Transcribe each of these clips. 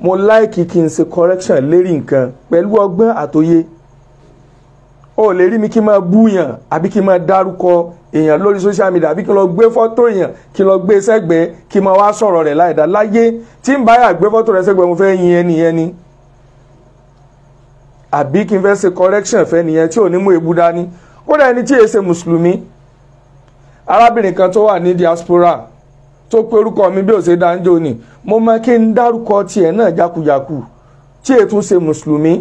mo láìkì kí n ṣe correction lérí nǹkan pẹ̀lú ọgbọ́n àtòye o lè rí mi kí n máa búyàn àbí kí n máa dárúkọ èèyàn lórí social media àbí kí n lọ gbé fọ́tò èèyàn kí n lọ gbé sẹ́gbẹ̀ẹ́ kí n máa wá sọ̀rọ̀ rẹ̀ láìda láyé tí n bá yà gbé fọ́tò rẹ̀ sẹ́gbẹ̀ẹ́ mo fẹ́ yin ẹni ẹni àbí kí n fẹ́ ṣe correction fẹ́ nìyẹn tí ò ní mú èébú dání kódà ẹni tí èé ṣe mùsùlùmí arábìnrin kan tó wà ní diaspora tó pe orúkọ mi bí ó ṣe ni mo máa kí n dárúkọ tiẹ̀ náà jákujàku tí ètò ṣe mùsùlùmí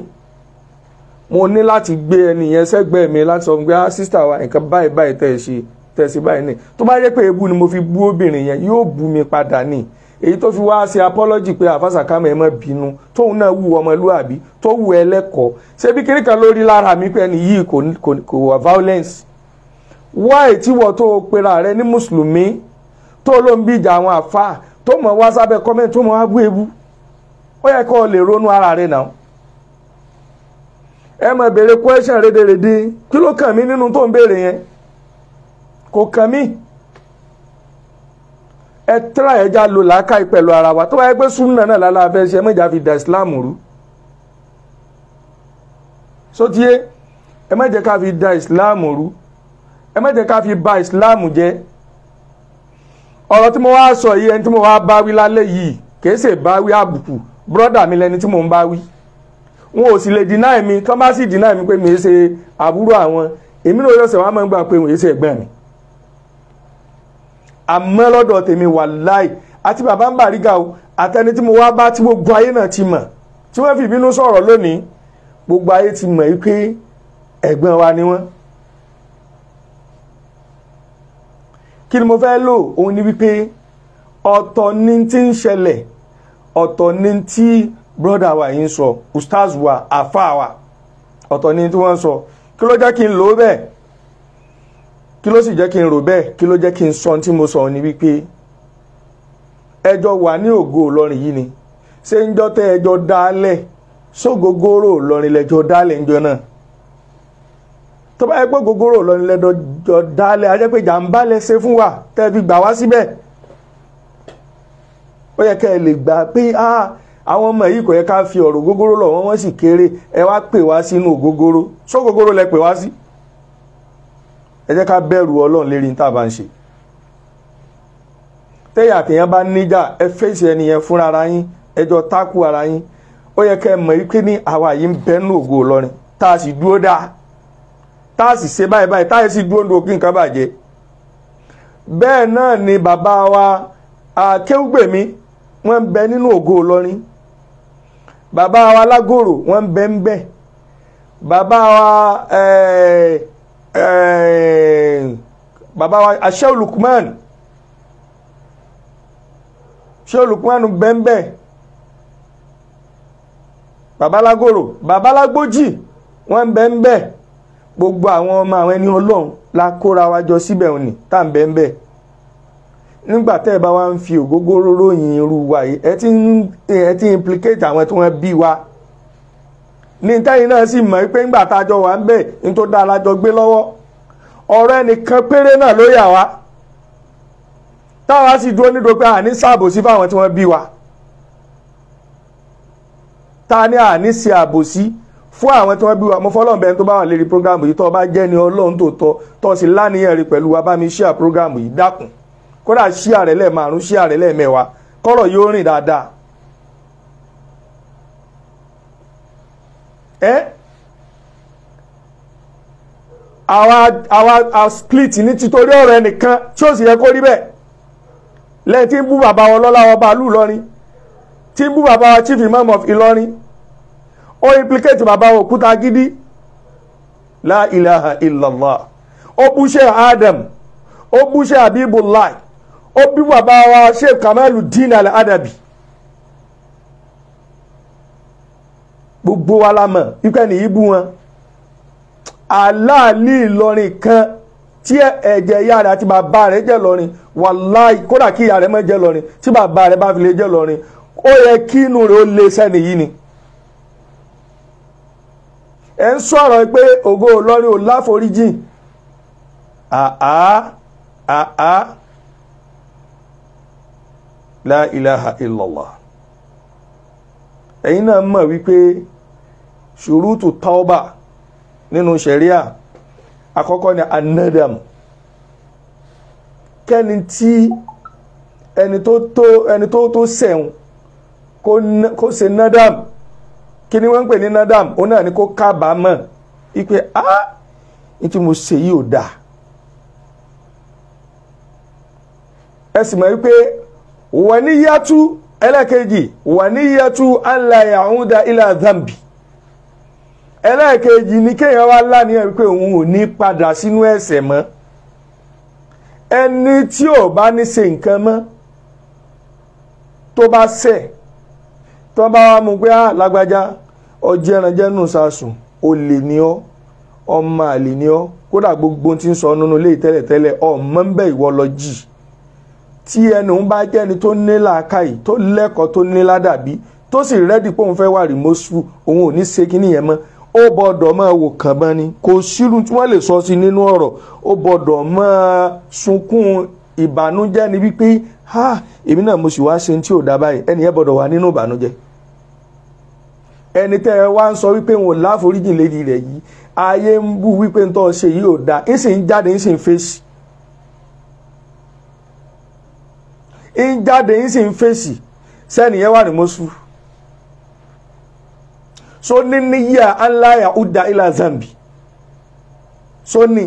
mo ní láti gbé ẹni yẹn sẹ́gbẹ̀ẹ́ mi láti sọ pé ah sísítà wa nǹkan báyìí báyìí tẹ̀ ṣe tẹ̀sí báyìí ni tó bá jẹ́ pé ebu ni mo fi bú obìnrin yẹn yóò bú mi padà ni èyí tó fi wá ṣe apology pé àfàṣàkámẹ́ ah, ẹ̀ mọ́ bínú tóun náà wù ọmọlúàbí tó wù ẹlẹ́kọ̀ọ́ ṣé bí kiri kan lórí lára mi pé ẹni yìí kò wà violence why tí wọ́n tó pera rẹ ní mùsùlùmí tó ló ń bíjà àwọn àfáà tó mọ̀ wá sábẹ́ kọ́mẹ́ntì tó mọ̀ wá gbé ewu ó yẹ kó lè ronú ara rẹ náà ẹ máa béèrè question rédèrèdè kí ló kàn mí nínú tó ń béèrè yẹn kò kàn mí ẹ ara wa tó bá yẹ pé náà lálẹ́ abẹ́ ṣe mẹ́jà fi da Islam rú ẹ da Islam rú ẹ ká Islam jẹ́. ọ̀rọ̀ tí mo wá sọ yìí ẹni tí mo wá báwí lálẹ́ yìí kìí ṣe báwí àbùkù brọ́dà mi lẹni tí mò ń báwí wọn ò sì lè deny mi tán bá sì deny mi pé mi ṣe àbúrò àwọn èmi náà yọ̀sẹ̀ wọn á máa ń gbà pé wọ́n ṣe ẹ̀gbọ́n mi àmọ́ lọ́dọ̀ tèmi wàláì àti bàbá ń bàrígà o àtẹni tí mo wá bá tí gbogbo ayé náà ti mọ̀ tí wọ́n fi ìbínú sọ̀rọ̀ lónìí gbogbo ayé ti mọ̀ yìí pé ẹ̀gbọ́n wa ni wọ́n kí ni mo fẹ́ lò òun ni wípé ọ̀tọ̀ ni tí ń ṣẹlẹ̀ ọ̀tọ̀ ni tí brọ́dà wa yìí ń sọ ustaz wa àfa wa ọ̀tọ̀ ni tí wọ́n ń sọ kí ló jẹ́ kí n lò ó bẹ́ẹ̀ kí ló sì jẹ́ kí n rò bẹ́ẹ̀ kí ló jẹ́ kí n sọ tí mo sọ ni wípé ẹjọ́ wà ní ògo Ìlọrin yìí ni ṣé ń jọ́ tẹ́ ẹjọ́ dálẹ̀ sógógóró Ìlọrin lẹ́jọ́ dálẹ̀ ń jọ náà tó bá yẹ pé gogoro lọ́nilẹ́dọ̀jọ́ dálẹ̀ ajẹ́ pé jàǹbá lẹ ṣe fún wa tẹ́ fi gbà wá síbẹ̀ ó yẹ kẹ́ ẹ lè gbà fi ọ̀rọ̀ gogoro lọ wọ́n wọ́n sì kéré ẹ wá pè gogoro le gogoro lẹ pè wá sí ẹ jẹ́ ká bẹ̀rù ọlọ́run lérí ní tàbá ń ṣe tẹ́yà bá níjà ẹ fèsì fúnra ara yín ara yín ó yẹ kẹ́ tá a sì ṣe báyìí báyìí táyé sì dúró ndo nǹkan bàjẹ́ bẹ́ẹ̀ náà ni bàbá wa akéwùgbèmí wọ́n ń bẹ nínú ògo Ìlọrin bàbá wa lágòrò wọ́n ń bẹ ń bẹ bàbá wa eh, bàbá wa aṣẹ́wò Lukman aṣẹ́wò Lukman bẹ ń bẹ bàbá lágòrò bàbá lágbójì wọ́n bẹ ń bẹ gbogbo àwọn ọmọ àwọn ẹni ọlọ́run la kóra wa jọ síbẹ̀ òní tá à bẹ́ẹ̀ bẹ́ẹ̀ nígbà tẹ́ ẹ bá wa ń fi ògógóró ròyìn irú wa yìí ẹ ti ń ẹ ti implicate àwọn tí wọ́n bí wa ní tẹ́yìn náà sì mọ̀ pé ńgbà tá a jọ wà ń bẹ̀ ní tó dáa la jọ gbé lọ́wọ́ ọ̀rọ̀ ẹnìkan péré náà ló yà wá táwa sì dúró nídò pé àní ṣàbòsí fáwọn tí wọ́n bí wa ta ni àní ṣe àbòsí. Si fún àwọn tí wọ́n bí wa mo fọ́lọ́n bẹ́ẹ̀ tó bá wà lérí program yìí tó bá jẹ́ ni ọlọ́run tó tọ́ tó sì láníyàn rí pẹ̀lú wa bá mi ṣíà program yìí dákun kódà ṣíà rẹ̀ lẹ́ẹ̀márùn ṣíà rẹ̀ lẹ́ẹ̀mẹ́wàá kọ́rọ̀ yóò rìn dáadáa. ẹ àwa àwa split ní títorí ọ̀rọ̀ ẹnìkan tí ó sì yẹ kó rí bẹ́ẹ̀ lẹ́yìn tí ń bú bàbá wọn lọ́lá wọn bá lù lọ́rin tí ń bú bàbá wa chief imam of Ìlọrin ó implicate bàbá òkúta gidi la ilaha illallah ó bú ṣe adam ó bú ṣe abibullah ó bí bàbá wa ṣe kamalu din al-adabi gbogbo wa la mọ̀ ikú ni ibú wọn aláàlì ìlọrin kan tí eje ìyá rẹ̀ àti bàbá rẹ̀ jẹ́ lọ́rin wàláì kódà kí ìyá rẹ̀ má jẹ́ lọ́rin tí bàbá rẹ̀ bá fi lè jẹ́ lọ́rin ó yẹ kí inú rẹ̀ ó yìí ni. ẹ ń sọ̀rọ̀ pé ògo Ìlọrin ò láforíjìn àá àá la ilaha illallah ẹ̀yin náà mọ̀ wípé ṣùrùtù tauba nínú ṣẹ̀ríà àkọ́kọ́ ni anadam kẹ́ni tí ẹni tó tó ẹni tó tó kó nadam. kí ni wọ́n ń pè ní nadam òun náà ni kó kábàámọ̀ wípé a ní tí mo ṣe yìí ò dáa ẹ sì mọ̀ wípé wọ́n ní yàtú ẹlẹ́ẹ̀kejì wọ́n ní yàtú aláya òun da ilà zambi ẹlẹ́ẹ̀kejì ni kéèyàn wá láníyàn wípé òun ò ní padà sínú ẹ̀ṣẹ̀ mọ́ ẹni tí ò bá ní ṣe nǹkan mọ́ tó bá ṣẹ̀ tó bá wá mú pé á lágbájá ọjẹ́ ẹranjẹ́nu sasùn olè ni ọ́ ọmọ àlè ni ọ́ kódà gbogbo ti ń sọ nínú ilé tẹ́lẹ̀tẹ́lẹ̀ ọmọ ń bẹ̀ ìwọ lọ jì tí ẹnu ń bá jẹ́ ẹni tó ní làákàyè tó lẹ́kọ̀ọ́ tó ní ládàbí tó sì rẹ́dì pé òun fẹ́ wà rìmọ́sù òun ò ní ṣe kínní yẹn mọ́ ó bọ̀dọ̀ máa wò kànbọ́n ni kò sírun tí wọ́n lè sọ sí nínú ọ̀rọ̀ ó bọ̀dọ̀ máa sunkún ìbànújẹ́ ni wípé ha èmi náà mo sì wá ṣe ní ò dá báyìí ẹnìyẹn bọ̀dọ̀ wà nínú ìbànújẹ́ ẹni tẹ́ ẹ wá ń sọ wípé wọn ò láforíjìn lédi rẹ̀ yìí ayé ń bú wípé ń tọ́ ṣe yìí ò dáa ń sì ń jáde ń sì ń fèsì ń jáde ń sì ń fèsì sẹ́niyẹn wà ní mọ́sù so ní níyà aláyà uda ilà zambi so ní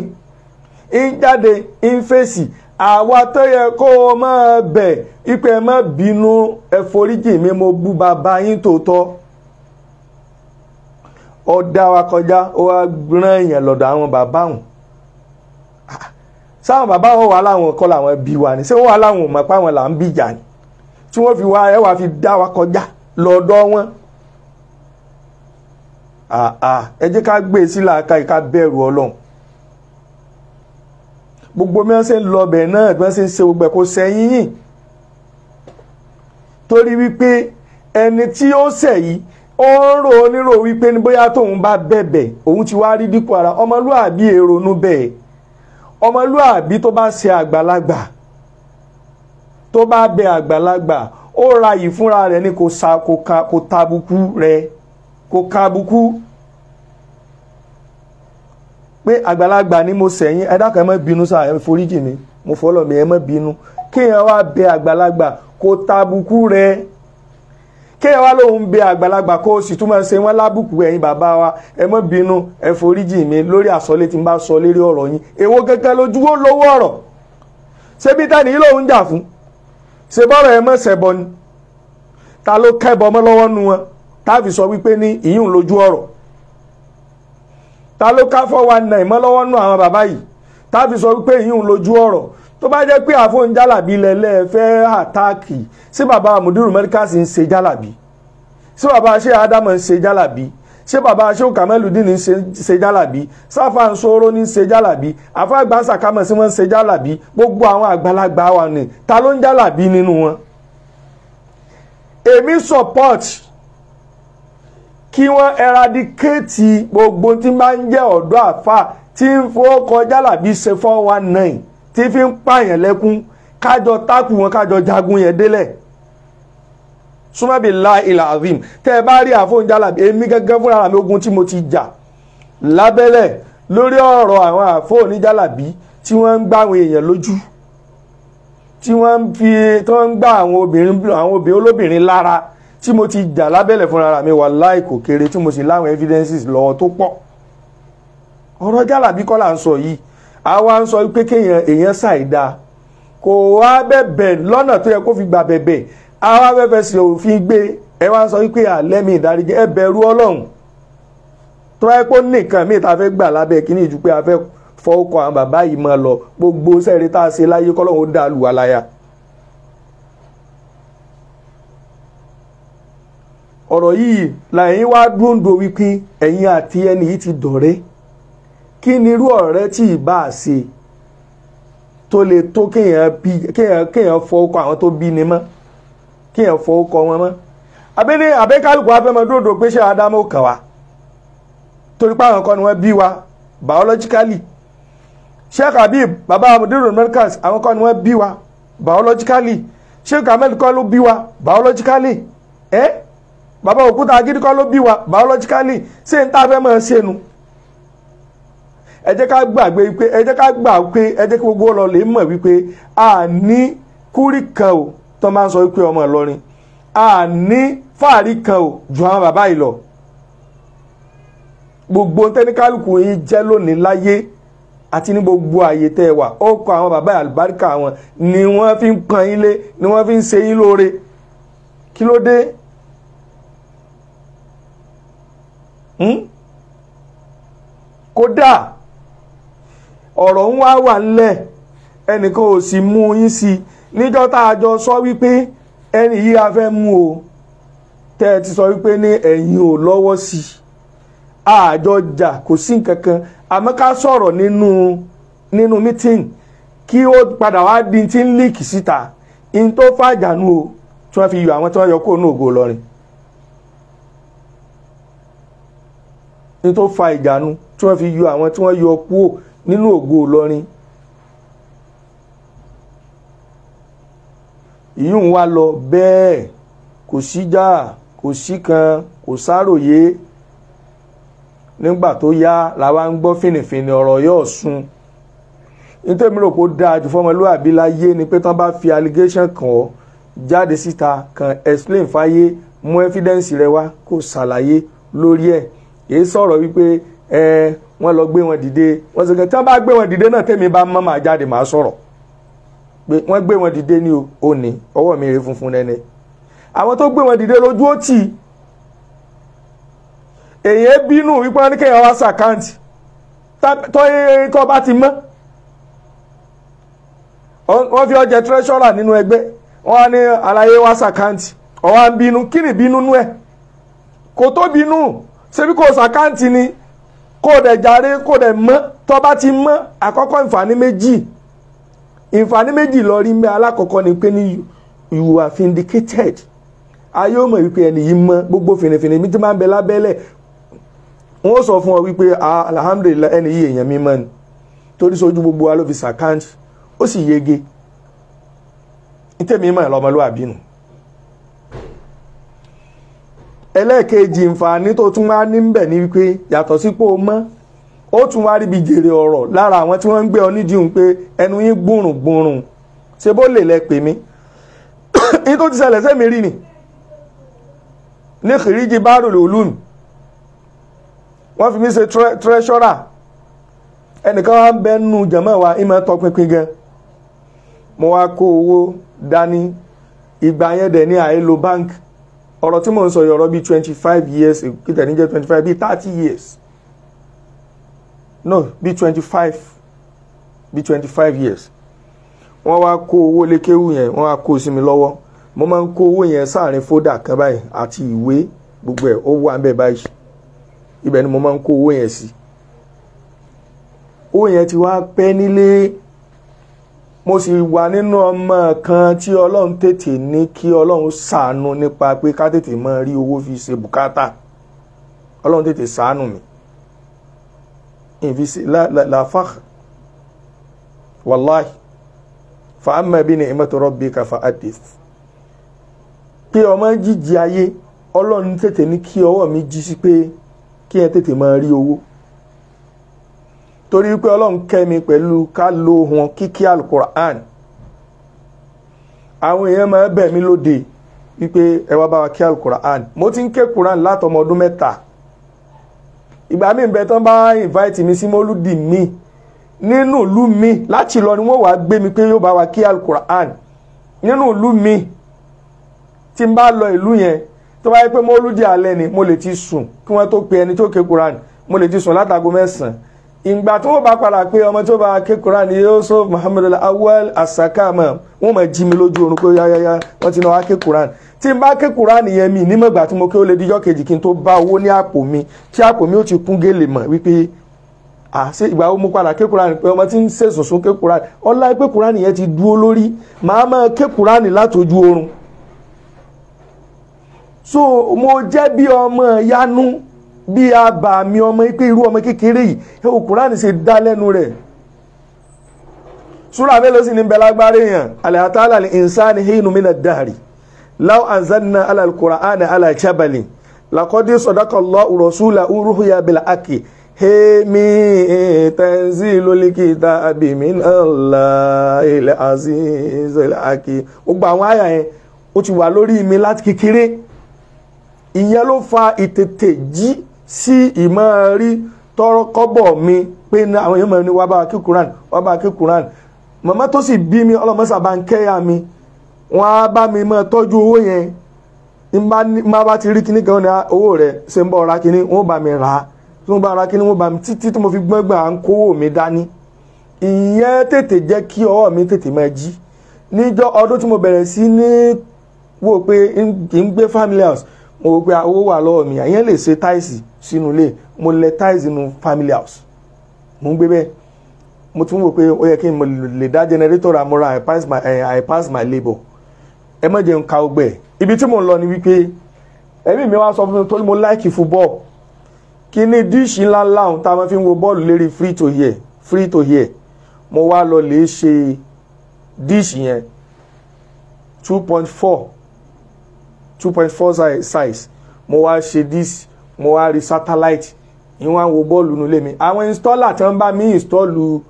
ń jáde ń fèsì àwa tó yẹ kó o máa bẹ̀ ipò ẹ má bínú ẹ foríjì mi mo bú bàbá yín tòótọ́ ó dá wa kọjá ó wá rán èèyàn lọ́dọ̀ àwọn bàbá wọn sáwọn bàbá wọn wà láwọn kọ́ làwọn bí wa ni ṣé wọ́n wà láwọn ò mọ̀ pé àwọn là ń bìjà ni tí wọ́n fi wá ẹ wá fi dá wa kọjá lọ́dọ̀ wọn ẹ jẹ́ ká gbé e sí làákà yìí ká bẹ̀rù ọlọ́run gbogbo mi wọ́n ṣe ń lọ ọbẹ̀ náà bí wọ́n ṣe ń ṣe gbogbo ẹ̀ kó sẹ́yìn yìn torí wípé ẹni tí ó ṣẹ̀ yìí ó ń rò onírò wípé ní bóyá tóun bá bẹ̀bẹ̀ òun ti wá rí dípò ara ọmọlúàbí èrònú bẹ́ẹ̀ ọmọlúàbí tó bá ṣe àgbàlagbà tó bá bẹ àgbàlagbà ó ra yìí fúnra rẹ̀ ni kò sa kò tabukú rẹ̀ kò kabukú pé àgbàlagbà ni mo sẹ̀yìn ẹ dákun ẹ má bínú sáà ẹ foríjì mi mo fọlọ́ mi ẹ má bínú kéèyàn wá bẹ àgbàlagbà kò tabukú rẹ̀ kéèyàn wá lóun bẹ àgbàlagbà kó o sì tún máa ṣe wọn lábùkù ẹyin bàbá wa ẹ mọ́ bínú ẹ foríjì mi lórí àsọlé tí n bá sọ lérí ọ̀rọ̀ yín èwo kankan lójú ó lówó ọ̀rọ̀ ṣé bí tani yìí lòun jà fún ṣe bọ́rọ̀ ẹ mọ́ ṣẹ̀bọ ni ta ló kẹ́bọ mọ́ lọ́wọ́ nu wọn táàfì sọ wípé ní ìyún lójú ọ̀rọ̀ ta ló ká fọ́ wa nà ìmọ́ lọ́wọ́ nu àwọn bàbá yìí táàfì sọ wípé ìyún lójú ọ̀rọ̀ tó bá jẹ́ pé àfọ̀n jálàbí lẹ́lẹ́ fẹ́ àtáàkì ṣé bàbá mudiru mẹ́ríkàsì ń ṣe jálàbí ṣé bàbá ṣé ádámọ̀ ń ṣe jálàbí ṣé bàbá ṣé kàmẹ́lùdín ní ṣe jálàbí sáfà ń sọ̀rọ̀ ní ṣe jálàbí àfọ̀ àgbà sàkámọ̀ sí wọ́n ń ṣe jálàbí gbogbo àwọn àgbàlagbà wa ni ta ló ń jálàbí nínú wọn. èmi support kí wọ́n eradicate gbogbo tí máa ń jẹ́ ọ̀dọ́ àfà tí ń fowó kọjá làbí ṣe four one nine tí fi ń pààyàn lẹ́kún kájọ tákù wọn kájọ jagun yẹn délẹ̀ súnmọ́bí la ilà azim tẹ́ ẹ bá rí àfọ̀njálà èmi gẹ́gẹ́ fúnra mi ogun tí mo ti jà lábẹ́lẹ̀ lórí ọ̀rọ̀ àwọn àfọ̀njálàbí tí wọ́n ń gbá àwọn èèyàn lójú tí wọ́n ń fi tí wọ́n ń gbá àwọn obìnrin àwọn obìnrin olóbìnrin lára tí mo ti jà lábẹ́lẹ̀ fúnra mi wà láì kò kéré tí mo sì láwọn evidences lọ́wọ́ tó pọ̀ ọ̀rọ̀ jálàbí kọ́ là ń sọ yìí a wá ń sọ pé kéèyàn èèyàn ṣàìdá kò wá bẹ̀bẹ̀ lọ́nà tó yẹ kó fi gbà bẹ̀bẹ̀ a wá fẹ́ fẹ́ sí òfin gbé ẹ wá ń sọ pé àlẹ́mì ìdáríjì ẹ bẹ̀rù ọlọ́run tó wáyé pé nìkan míì tá a fẹ́ gbà lábẹ́ kíní ju pé a fẹ́ fọ ọkọ̀ àwọn bàbá yìí máa lọ gbogbo sẹ́ẹ̀rí tá a ṣe láyé kọ́lọ́run ó dá lù wá láyà. ọ̀rọ̀ yìí làyín wá dúndò wípé ẹ̀yin àti ẹni yìí ti dọ̀rẹ́ kí ni irú ọ̀rẹ́ tí ìbá ṣe tó lè tó kéèyàn fọ ọkọ àwọn tó bí ni mọ́ kéèyàn fọ ọkọ wọn mọ́ abẹ́lé abẹ́kálùkù afẹ́mọdódò pé ṣé àdámọ́ kàn wá torí pé àwọn kan ni wọ́n bí wa biologically sheikh habib baba amudiru merkaz àwọn kan ni wọ́n bí wa biologically sheikh ahmed kọ́ ló bí wa biologically ẹ́ baba òkúta agídí kọ́ ló bí wa biologically ṣé n ta fẹ́ mọ̀ ṣe nu ẹ jẹ́ ká gbàgbé pé ẹ jẹ́ ká gbà pé ẹ jẹ́ kí gbogbo lọ lè mọ̀ wípé a ní kúrì kan o tó máa ń sọ wípé ọmọ Ìlọrin a ní fàárí kan o ju àwọn bàbá yìí lọ gbogbo tẹnikálùkù yìí jẹ́ lónìí láyé àti ní gbogbo àyè tẹ́ ẹ wà ọkọ̀ àwọn bàbá àlùbáríkà wọn ni wọ́n fi ń pọ́n yín lé ni wọ́n fi ń ṣe yín lóore kí ló dé hmm? kódà ọ̀rọ̀ ń wá wà ńlẹ̀ ẹnìkan ò sì mú yín sí i níjọ́ tá a jọ sọ wípé ẹni yìí a fẹ́ mú o tẹ́ ẹ ti sọ wípé ní ẹ̀yin ò lọ́wọ́ sí i àjọ jà kò sí nǹkan kan àmọ́ ká sọ̀rọ̀ nínú nínú meeting kí ó padà wá di ti ń líìkì síta in tó fàjànú o tí wọ́n fi yọ àwọn tí wọ́n yọ kó ní ògo Ìlọrin in tó fa ìjànú tí wọ́n fi yọ àwọn tí wọ́n yọ kúò nínú ògo Ìlọrin ìyún wa lọ bẹ́ẹ̀ kò síjà kò síkan kò sáròyé nígbà tó yá làwa ń gbọ́ fìnnìfìnnì ọ̀rọ̀ yóò sun nítorí mi rò pé ó dáa jù fọmọlúwàbí láyé ni pé tán bá fi allegation kàn ọ́ jáde síta kan explain fáyé mú evidence rẹ wá kó ṣàlàyé lórí ẹ̀ èyí sọ̀rọ̀ wípé ẹ wọ́n lọ gbé wọn dìde wọ́n sọ pé tí wọ́n bá gbé wọn dìde náà tèmi bá mọ́ màá jáde màá sọ̀rọ̀ wọ́n gbé wọn dìde ní òní ọwọ́ mi rè funfun nẹ́ni àwọn tó gbé wọn dìde lójú ó tì èyí bínú wípé wọ́n ní kéèyàn wá sàkáǹtì tọ́ bá ti mọ́ wọ́n fi ọjà treasurer nínú ẹgbẹ́ wọ́n á ní àlàyé wá sàkáǹtì ọ̀wá ń bínú kí ni bínú nú ẹ̀ kò tó bínú ṣebí kò sàkáǹtì ni kó dẹ̀ jàre kó dẹ̀ mọ́ tó bá ti mọ́ àkọ́kọ́ ìfàní méjì ìfàní méjì lọ rí mẹ́ alákọ̀ọ́kọ́ ni pé ní you are vindicated ayé ó mọ̀ wípé ẹni yìí mọ́ gbogbo fìrìfìrì mi ti máa ń bẹ lábẹ́lẹ̀ wọ́n sọ fún ọ wípé alhamdulilayi ẹni yìí èèyàn mímọ́ ni torí sojú gbogbo wa ló fi sàkáǹtì ó sì yege ní tèmi mọ̀ ẹ̀ lọ́mọlúwàbí nù ẹlẹ́ẹ̀kejì nfààní tó tún wá níbẹ̀ ni wípé yàtọ̀ sípò mọ́ ó tún wá ríbi jèrè ọ̀rọ̀ lára àwọn tí wọ́n ń gbé ọ nídìí pé ẹnu yín gbùrùn gbùrùn ṣe bó lè lẹ mí ní tó ti ṣẹlẹ̀ sẹ́mi rí ni ní kìríjì bárò lòlùmí wọ́n fi mí ṣe treasurer ẹnìkan wá ń bẹ nù jẹ̀mọ́ wa ìmọ̀ tọpinpin gan mo wá kó owó dání ìgbà yẹn dẹ̀ ní àìlò báńkì ọ̀rọ̀ tí mò ń sọ yìí bíi twenty five years kíta níjẹ́ twenty five bíi thirty years no bíi twenty five bíi twenty five years wọ́n wá kó owó lékéwù yẹn wọ́n wá kó sí mi lọ́wọ́ mo máa ń kó owó yẹn sáàrin fódà kan báyìí àti ìwé gbogbo ẹ̀ ó wà ń báyìí ibẹ̀ ni mo máa ń kó owó yẹn sí owó yẹn ti wá pẹ́ nílé mo sì wà nínú ọmọ kan tí ọlọ́run tètè ní kí ọlọ́run ṣàánú nípa pé ká tètè mọ rí owó fi ṣe bùkátà ọlọ́run tètè ṣàánú mi ìfisí làfà wàláì fàámà bí ní ìmọ̀tò rọ́bì kàfà àdìs pé ọmọ jíjí ayé ọlọ́run tètè ní kí ọwọ́ mi jí sí pé kí ẹ tètè mọ rí owó torí pé ọlọ́run kẹ́mi pẹ̀lú ká lo wọn kíkí alukur'an àwọn èèyàn máa bẹ̀ mí lóde wípé ẹ wá bá wa kí alukur'an mo ti ń ké quran látọmọ ọdún mẹ́ta ìgbà mi bẹ tán bá invite mi sí mọ́lúdì mi nínú ìlú mi láti lọ ni wọ́n wàá gbé mi pé yóò bá wa kí alukur'an nínú ìlú mi tí n bá lọ ìlú yẹn tó bá yẹ pé mọ́lúdì alẹ́ ni mo lè ti sùn kí wọ́n tó pe ẹni tó ké quran mo lè ti sùn látago mẹ́sàn-án ìgbà tó bá padà pé ọmọ tó bá ké Kùránì ní Yusuf Muhammad Awwal Asakama wọ́n mọ̀ jí mi lójú oorun pé yáyáyá wọ́n ti náà wá ké Kùránì tí n bá ké Kùránì yẹn mi nímọ̀gbà tí mo ké ó lè díjọ́ kejì kí n tó bá owó ní àpò mi tí àpò mi ó ti kún gèlè mọ̀ wípé àṣe ìgbà ó mú padà ké Kùránì pé ọmọ tí ń sèso sún ké Kùránì ọlá pé Kùránì yẹn ti dúró lórí màá máa ké Kùránì látojú oorun so mo jẹ́ bí ọmọ yánú bí a bà mí ọmọ pé irú ọmọ kékeré yìí ẹwọ kùránì ṣe dá lẹ́nu rẹ̀ súra mélòó sì ní bẹ lágbára èèyàn àlàyàtàlà ní ìsáni hínú mí dàrí láwọn àǹzánná alàlùkùrà àná alàjábàlì làkọ́dé sọ̀dákọ̀ lọ rọ̀súlà urúhùyà bìlà àkè hemi tanzilu likitabi min Allah ilẹ̀ aziz ilẹ̀ àkè ó gba àwọn àyà yẹn ó ti wà lórí mi láti kékeré ìyẹn ló fa ìtètè jí sí ìmọ̀ rí tọrọ kọ́bọ̀ mi pé àwọn èèyàn mọ̀ ní wàá bá wa kí Quran wàá bá wa kí Quran màmá tó sì bí mi ọlọ́mọ́sà bá ń kẹ́yà mi wọ́n á bá mi máa tọ́jú owó yẹn má bá ti rí kíní kan ní owó rẹ̀ ṣe ń bọ̀ ra kíní wọ́n bá mi rà á tí wọ́n bá ra kíní wọ́n bá mi títí tí mo fi gbọ́ngbà à ń kówó mi dání ìyẹn tètè jẹ́ kí ọwọ́ mi tètè máa jí níjọ́ ọdún tí mo bẹ̀rẹ̀ sí ní wò pé kì í gbé family house mo wò pé owó wà lọ́wọ́ mi àyẹn lè ṣe táìsì sínú ilé mo lẹ tiles nínú family house mo ń gbé bẹ́ẹ̀ mo tún wò pé ó yẹ kí n lè dá generator ra i pass my eh, i pass my labour ẹ má jẹun ka ọgbẹ ibi tí mo ń lọ ni wípé ẹbí mi wá sọ fún mi tó mo láìkì football kí ni díìṣì ńlá ńlá ohun tá a máa fi ń wo bọ́ọ̀lù lérí free to hear free to hear mo wá lọ lè ṣe díìṣì yẹn two point four two point four size mo wá ṣe díìṣì mo wá rí satellite ìyẹn wá ń wo bọ́ọ̀lù nulẹ̀ mi àwọn installer tí wọ́n bá mi ìstọ́ọ̀lù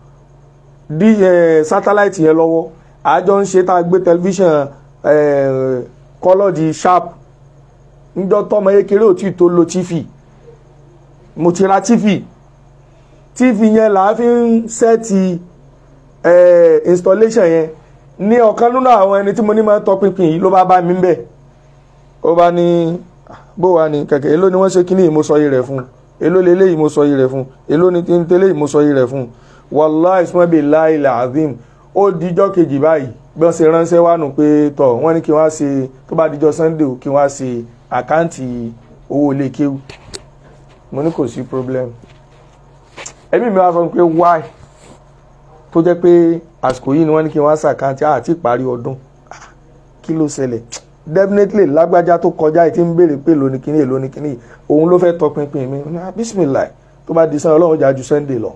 eh, satellite yẹn lọ́wọ́ àjọ ń ṣe tá a gbé tẹlifíṣàn kọ́lọ́ọ̀dì eh, sharp níjọ́ tọ́mọ kékeré ò tí tó lo tv mo ti ra tv tv yẹn là á fi ń sẹ́ẹ̀tì eh, installation yẹn ní ọ̀kan nínú àwọn ẹni tí mo ní máa ń tọpinpin yìí ló bá bá mi ń bẹ̀ ó bá ní bó wa ni kẹ̀kẹ́ èló ni wọ́n ṣe kíní ìmọ̀sọ yìí rẹ̀ fún èló lélẹ́ ìmọ̀sọ yìí rẹ̀ fún èló ni tí ń tẹ́lẹ̀ ìmọ̀sọ yìí rẹ̀ fún wàláì sọ́bì láì làzim ó dijọ́ kejì báyìí bí wọ́n ṣe ránṣẹ́ wá nù pé tọ̀ wọ́n ní kí wọ́n ṣe tó bá dijọ́ sunday kí wọ́n ṣe àkáǹtì owó ilé kéwù mo ní kò sí problem ẹ̀mí mi wá sọ pé why tó jẹ́ pé àsìkò yìí ni wọ́n ní kí wọ́n ṣàkáǹtì àti ìparí ọdún ah, kí ló ṣẹlẹ̀ definitely lágbájá tó kọjá yìí ti ń béèrè pé lónìí kìíní èlò ní kìíní òun ló fẹ́ tọpinpin mi ah, bísímìlà tó bá di sunday ọlọ́run jà ju sunday lọ.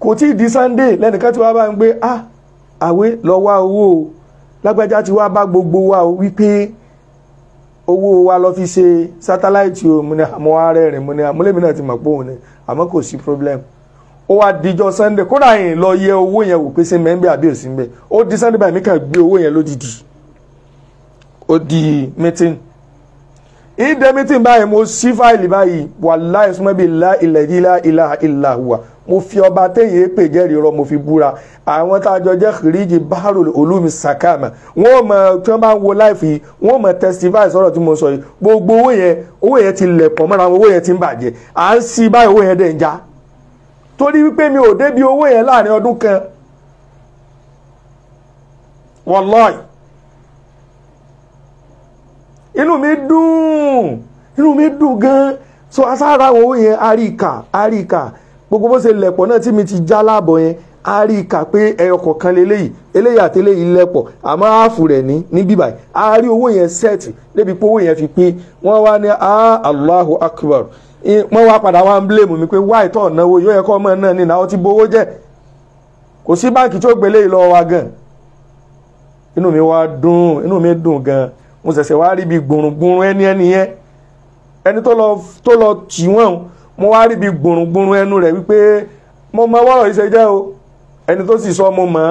kò tí ì di sunday lẹ́nìkan tí wàá bá ń gbé ah àwé lọ wá owó o lágbájá tí wàá bá gbogbo wa o wípé owó wa lọ fi ṣe sátáláìtì o mo ní àmọ́ ah, arẹ́rìn mo ní àmúlẹ́mí ah, náà ti mọ̀ pé òun ni àmọ́ kò sí problem ó wá dijọ́ sunday kódà yìí lọ yẹ owó yẹn wò pé ṣé mẹ́ńbẹ́ àbí òsínbẹ́ ó di sunday báyìí mi kàn gbé owó yẹn lódìdí ó di meeting ìdè meeting báyìí mo ṣí fáìlì báyìí wàláì súnmọ́ bíi ilá ilẹ̀ yìí ilá ilá ilá mo fi ọba téyè pè jẹ́rìí rọ mo fi búra àwọn tá a jọ jẹ́ kìrìjì báàrò olómi sàkàmà wọ́n mọ̀ tí wọ́n bá ń wo láìfì yìí wọ́n mọ̀ testify sọ̀rọ̀ tí mo sọ yìí gbogbo owó yẹn owó yẹn ti lẹ̀ pọ̀ mọ́ra owó yẹn ti ń bàjẹ́ à ń sí báyìí owó yẹn dẹ̀ ń já torí wípé mi ò débi owó yẹn láàrin ọdún kan wọ́n lọ́ọ̀yì inú mi dùn inú mi dùn gan so asára o yẹn àríkà àríkà gbogbo bó ṣe lẹ̀pọ̀ náà tí mi ti já láàbọ̀ yẹn àríkà pé ẹyọ kọ̀ọ̀kan lélẹ́yìí eléyìí àti eléyìí lẹ̀pọ̀ àmọ́ rẹ̀ ní níbí báyìí a owó yẹn sẹ́ẹ̀tì débi pé owó yẹn fi pé wọ́n wá ní Allahu Akbar wọ́n wá padà wá ń mi pé wáì tó náwó yóò yẹ kọ́ ọmọ náà ní ti bówó jẹ́ kò sí báǹkì wa mo ṣẹ̀ṣẹ̀ wá rí ibi gbòrùngbòrùn ẹni ẹni yẹn ẹni tó lọ tó lọ tì wọ́n mo wá rí ibi gbòrùngbòrùn ẹnu rẹ̀ wípé mo mọ wọ́rọ̀ yìí ṣe jẹ́ o ẹni tó sì sọ mo mọ̀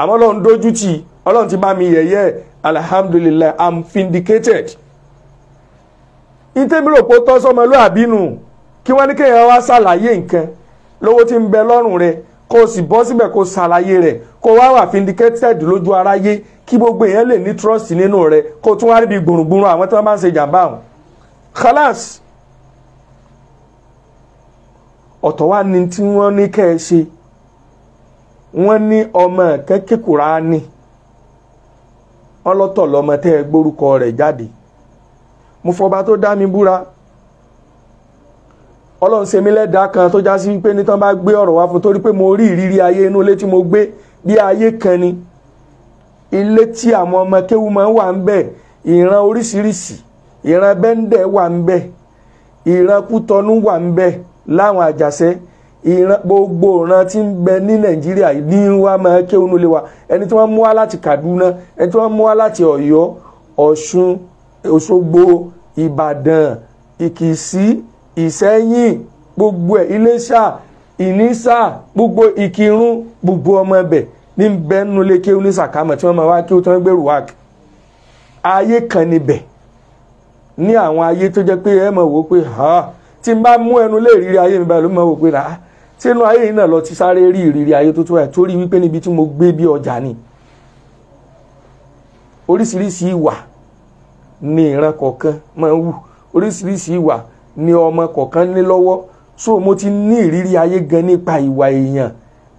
àmọ́ ọlọ́run dójú tì ọlọ́run ti bá mi yẹ̀yẹ́ alhamdulillah i'm vindicated ìtẹ́bírò pé ó tọ́ sọmọlúàbínú kí wọ́n ní kéèyàn wá ṣàlàyé nǹkan lówó tí ń bẹ lọ́rùn rẹ̀ kó o sì bọ́ síbẹ̀ kó o ṣàlàyé rẹ̀ kó o wá wà vindicated lójú aráyé kí gbogbo èèyàn lè ní trust nínú rẹ̀ kó o tún wá rí bí gbùrùgbùrùn àwọn tí wọ́n bá ń ṣe jàǹbá àwọn. khalas ọ̀tọ̀ wá ní tí wọ́n ní kẹ́ ẹ ṣe wọ́n ní ọmọ kẹ́kẹ́ Kùránì ọlọ́tọ̀ lọmọ tẹ́ ẹ gbórúkọ rẹ̀ jáde mo fọba tó dá mi búra ọlọ́run ṣe mí lẹ́dàá kan tó já sí pé ní tán bá gbé ọ̀rọ̀ wá fún torí pé mo rí ìrírí ayé inú ilé tí mo gbé bí ayé kan ni ilé tí àwọn ọmọ kéwu máa ń wà ń bẹ̀ ìran oríṣiríṣi ìran bẹ́ńdẹ̀ wà ń bẹ̀ ìran kútọ́nú wà ń bẹ̀ láwọn àjàṣẹ́ ìran gbogbo ìran tí ń bẹ ní nàìjíríà ní wa máa kéwu inú ilé wa ẹni tí wọ́n mú wá láti kaduna ẹni tí wọ́n mú wá láti ọ̀yọ́ ọ̀ṣun òṣogbo ìbàdàn ìkìsí ìsẹ́yìn gbogbo ẹ̀ iléṣà ìníṣà gbogbo ìkírun gbogbo ọmọ ẹbẹ̀ ní bẹ́ẹ̀nu lé kéwú ní sàkámọ̀ tí wọ́n máa wá kéwú tí wọ́n gbèrú wáàkì ayé kan níbẹ̀ ní àwọn ayé tó jẹ́ pé ẹ mọ̀ wò pé tí n bá mú ẹnu lé ìrírí ayé mi báyìí ló mọ̀ wò pé ràá sínú ayé yìí náà lọ ti sáré rí ìrírí ayé tó tó ẹ̀ torí wípé níbi tí mo gbé bí ọjà ni oríṣiríṣi ìwà ni ìran kọ̀ọ̀kan máa ń wù oríṣiríṣi ìwà ni ọmọ kọ̀ọ̀kan ní so mo ti ní ìrírí ayé gan nípa ìwà èèyàn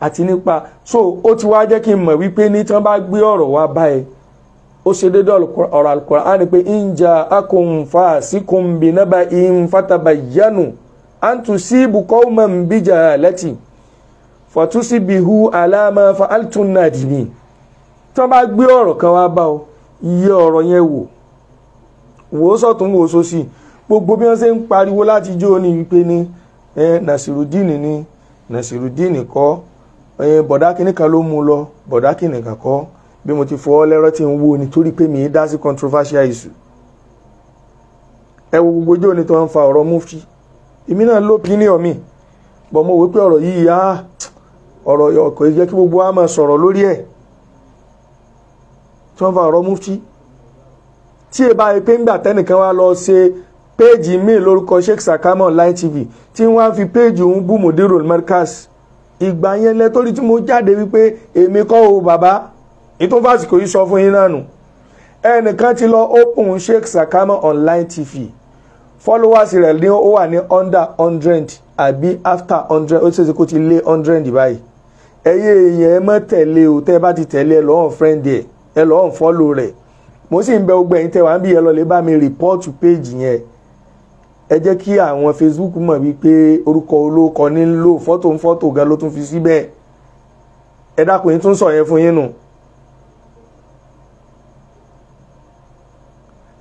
àti nípa so ó ti wá jẹ́ kí n mọ̀ wípé ní tí wọ́n bá gbé ọ̀rọ̀ wá báyìí ó ṣe dédé ọ̀rọ̀ àlùkòrán á ní pé inja akùnfà síkùnbì nábà ìfàtàbà yánu àǹtùsí lẹ́tì bá gbé iye ọ̀rọ̀ yẹn wò wò ó sọ̀tún gbogbo bí wọ́n ṣe ń pariwo láti jó ni wípé ní nasirudini ni Nasirudeen kọ́ bọ̀dá kìnìún kan ló mú lọ bọ̀dá kan kọ́ bí mo ti fọ́ lẹ́rọ́ tí ń wo nítorí pé mi dá sí controversial issue ẹ wo gbogbo jó ni tó ń fa ọ̀rọ̀ mufti èmi náà lópinion mi bọ̀ mo wò pé ọ̀rọ̀ yìí ọ̀rọ̀ ọkọ̀ yẹ kí gbogbo wa péèjì míì lórúkọ Sheikh Sakama Online TV tí wọ́n á fi péèjì òun bú Mudirul Markaz ìgbà yẹn lẹ torí tí mo jáde wípé èmi kọ́ o bàbá ìtúfàsìkò yìí sọ fún yín náà ẹnìkan ti lọ open Sheikh Sakama Online TV followers rẹ̀ ní ó wà ní under hundred àbí after hundred ó ṣeéṣe kó ti lé hundred báyìí ẹyẹ èèyàn ẹ mọ tẹ̀lé o tẹ́ bá ti tẹ̀lé ẹ lọ́hùn friend ẹ ẹ lọ́hùn follow rẹ̀ mo sì ń bẹ gbogbo ẹ̀yin tẹ́ wà bí ẹ lọ lè bá mi rìpọ́ọ̀tù péèjì yẹn ẹ jẹ́ kí àwọn Facebook mọ̀ wípé orúkọ olóòkọ ní ń lò fọ́tò ń fọ́tò gan ló tún fi síbẹ̀ ẹ dákun yín tún sọ yẹn fún yín nù.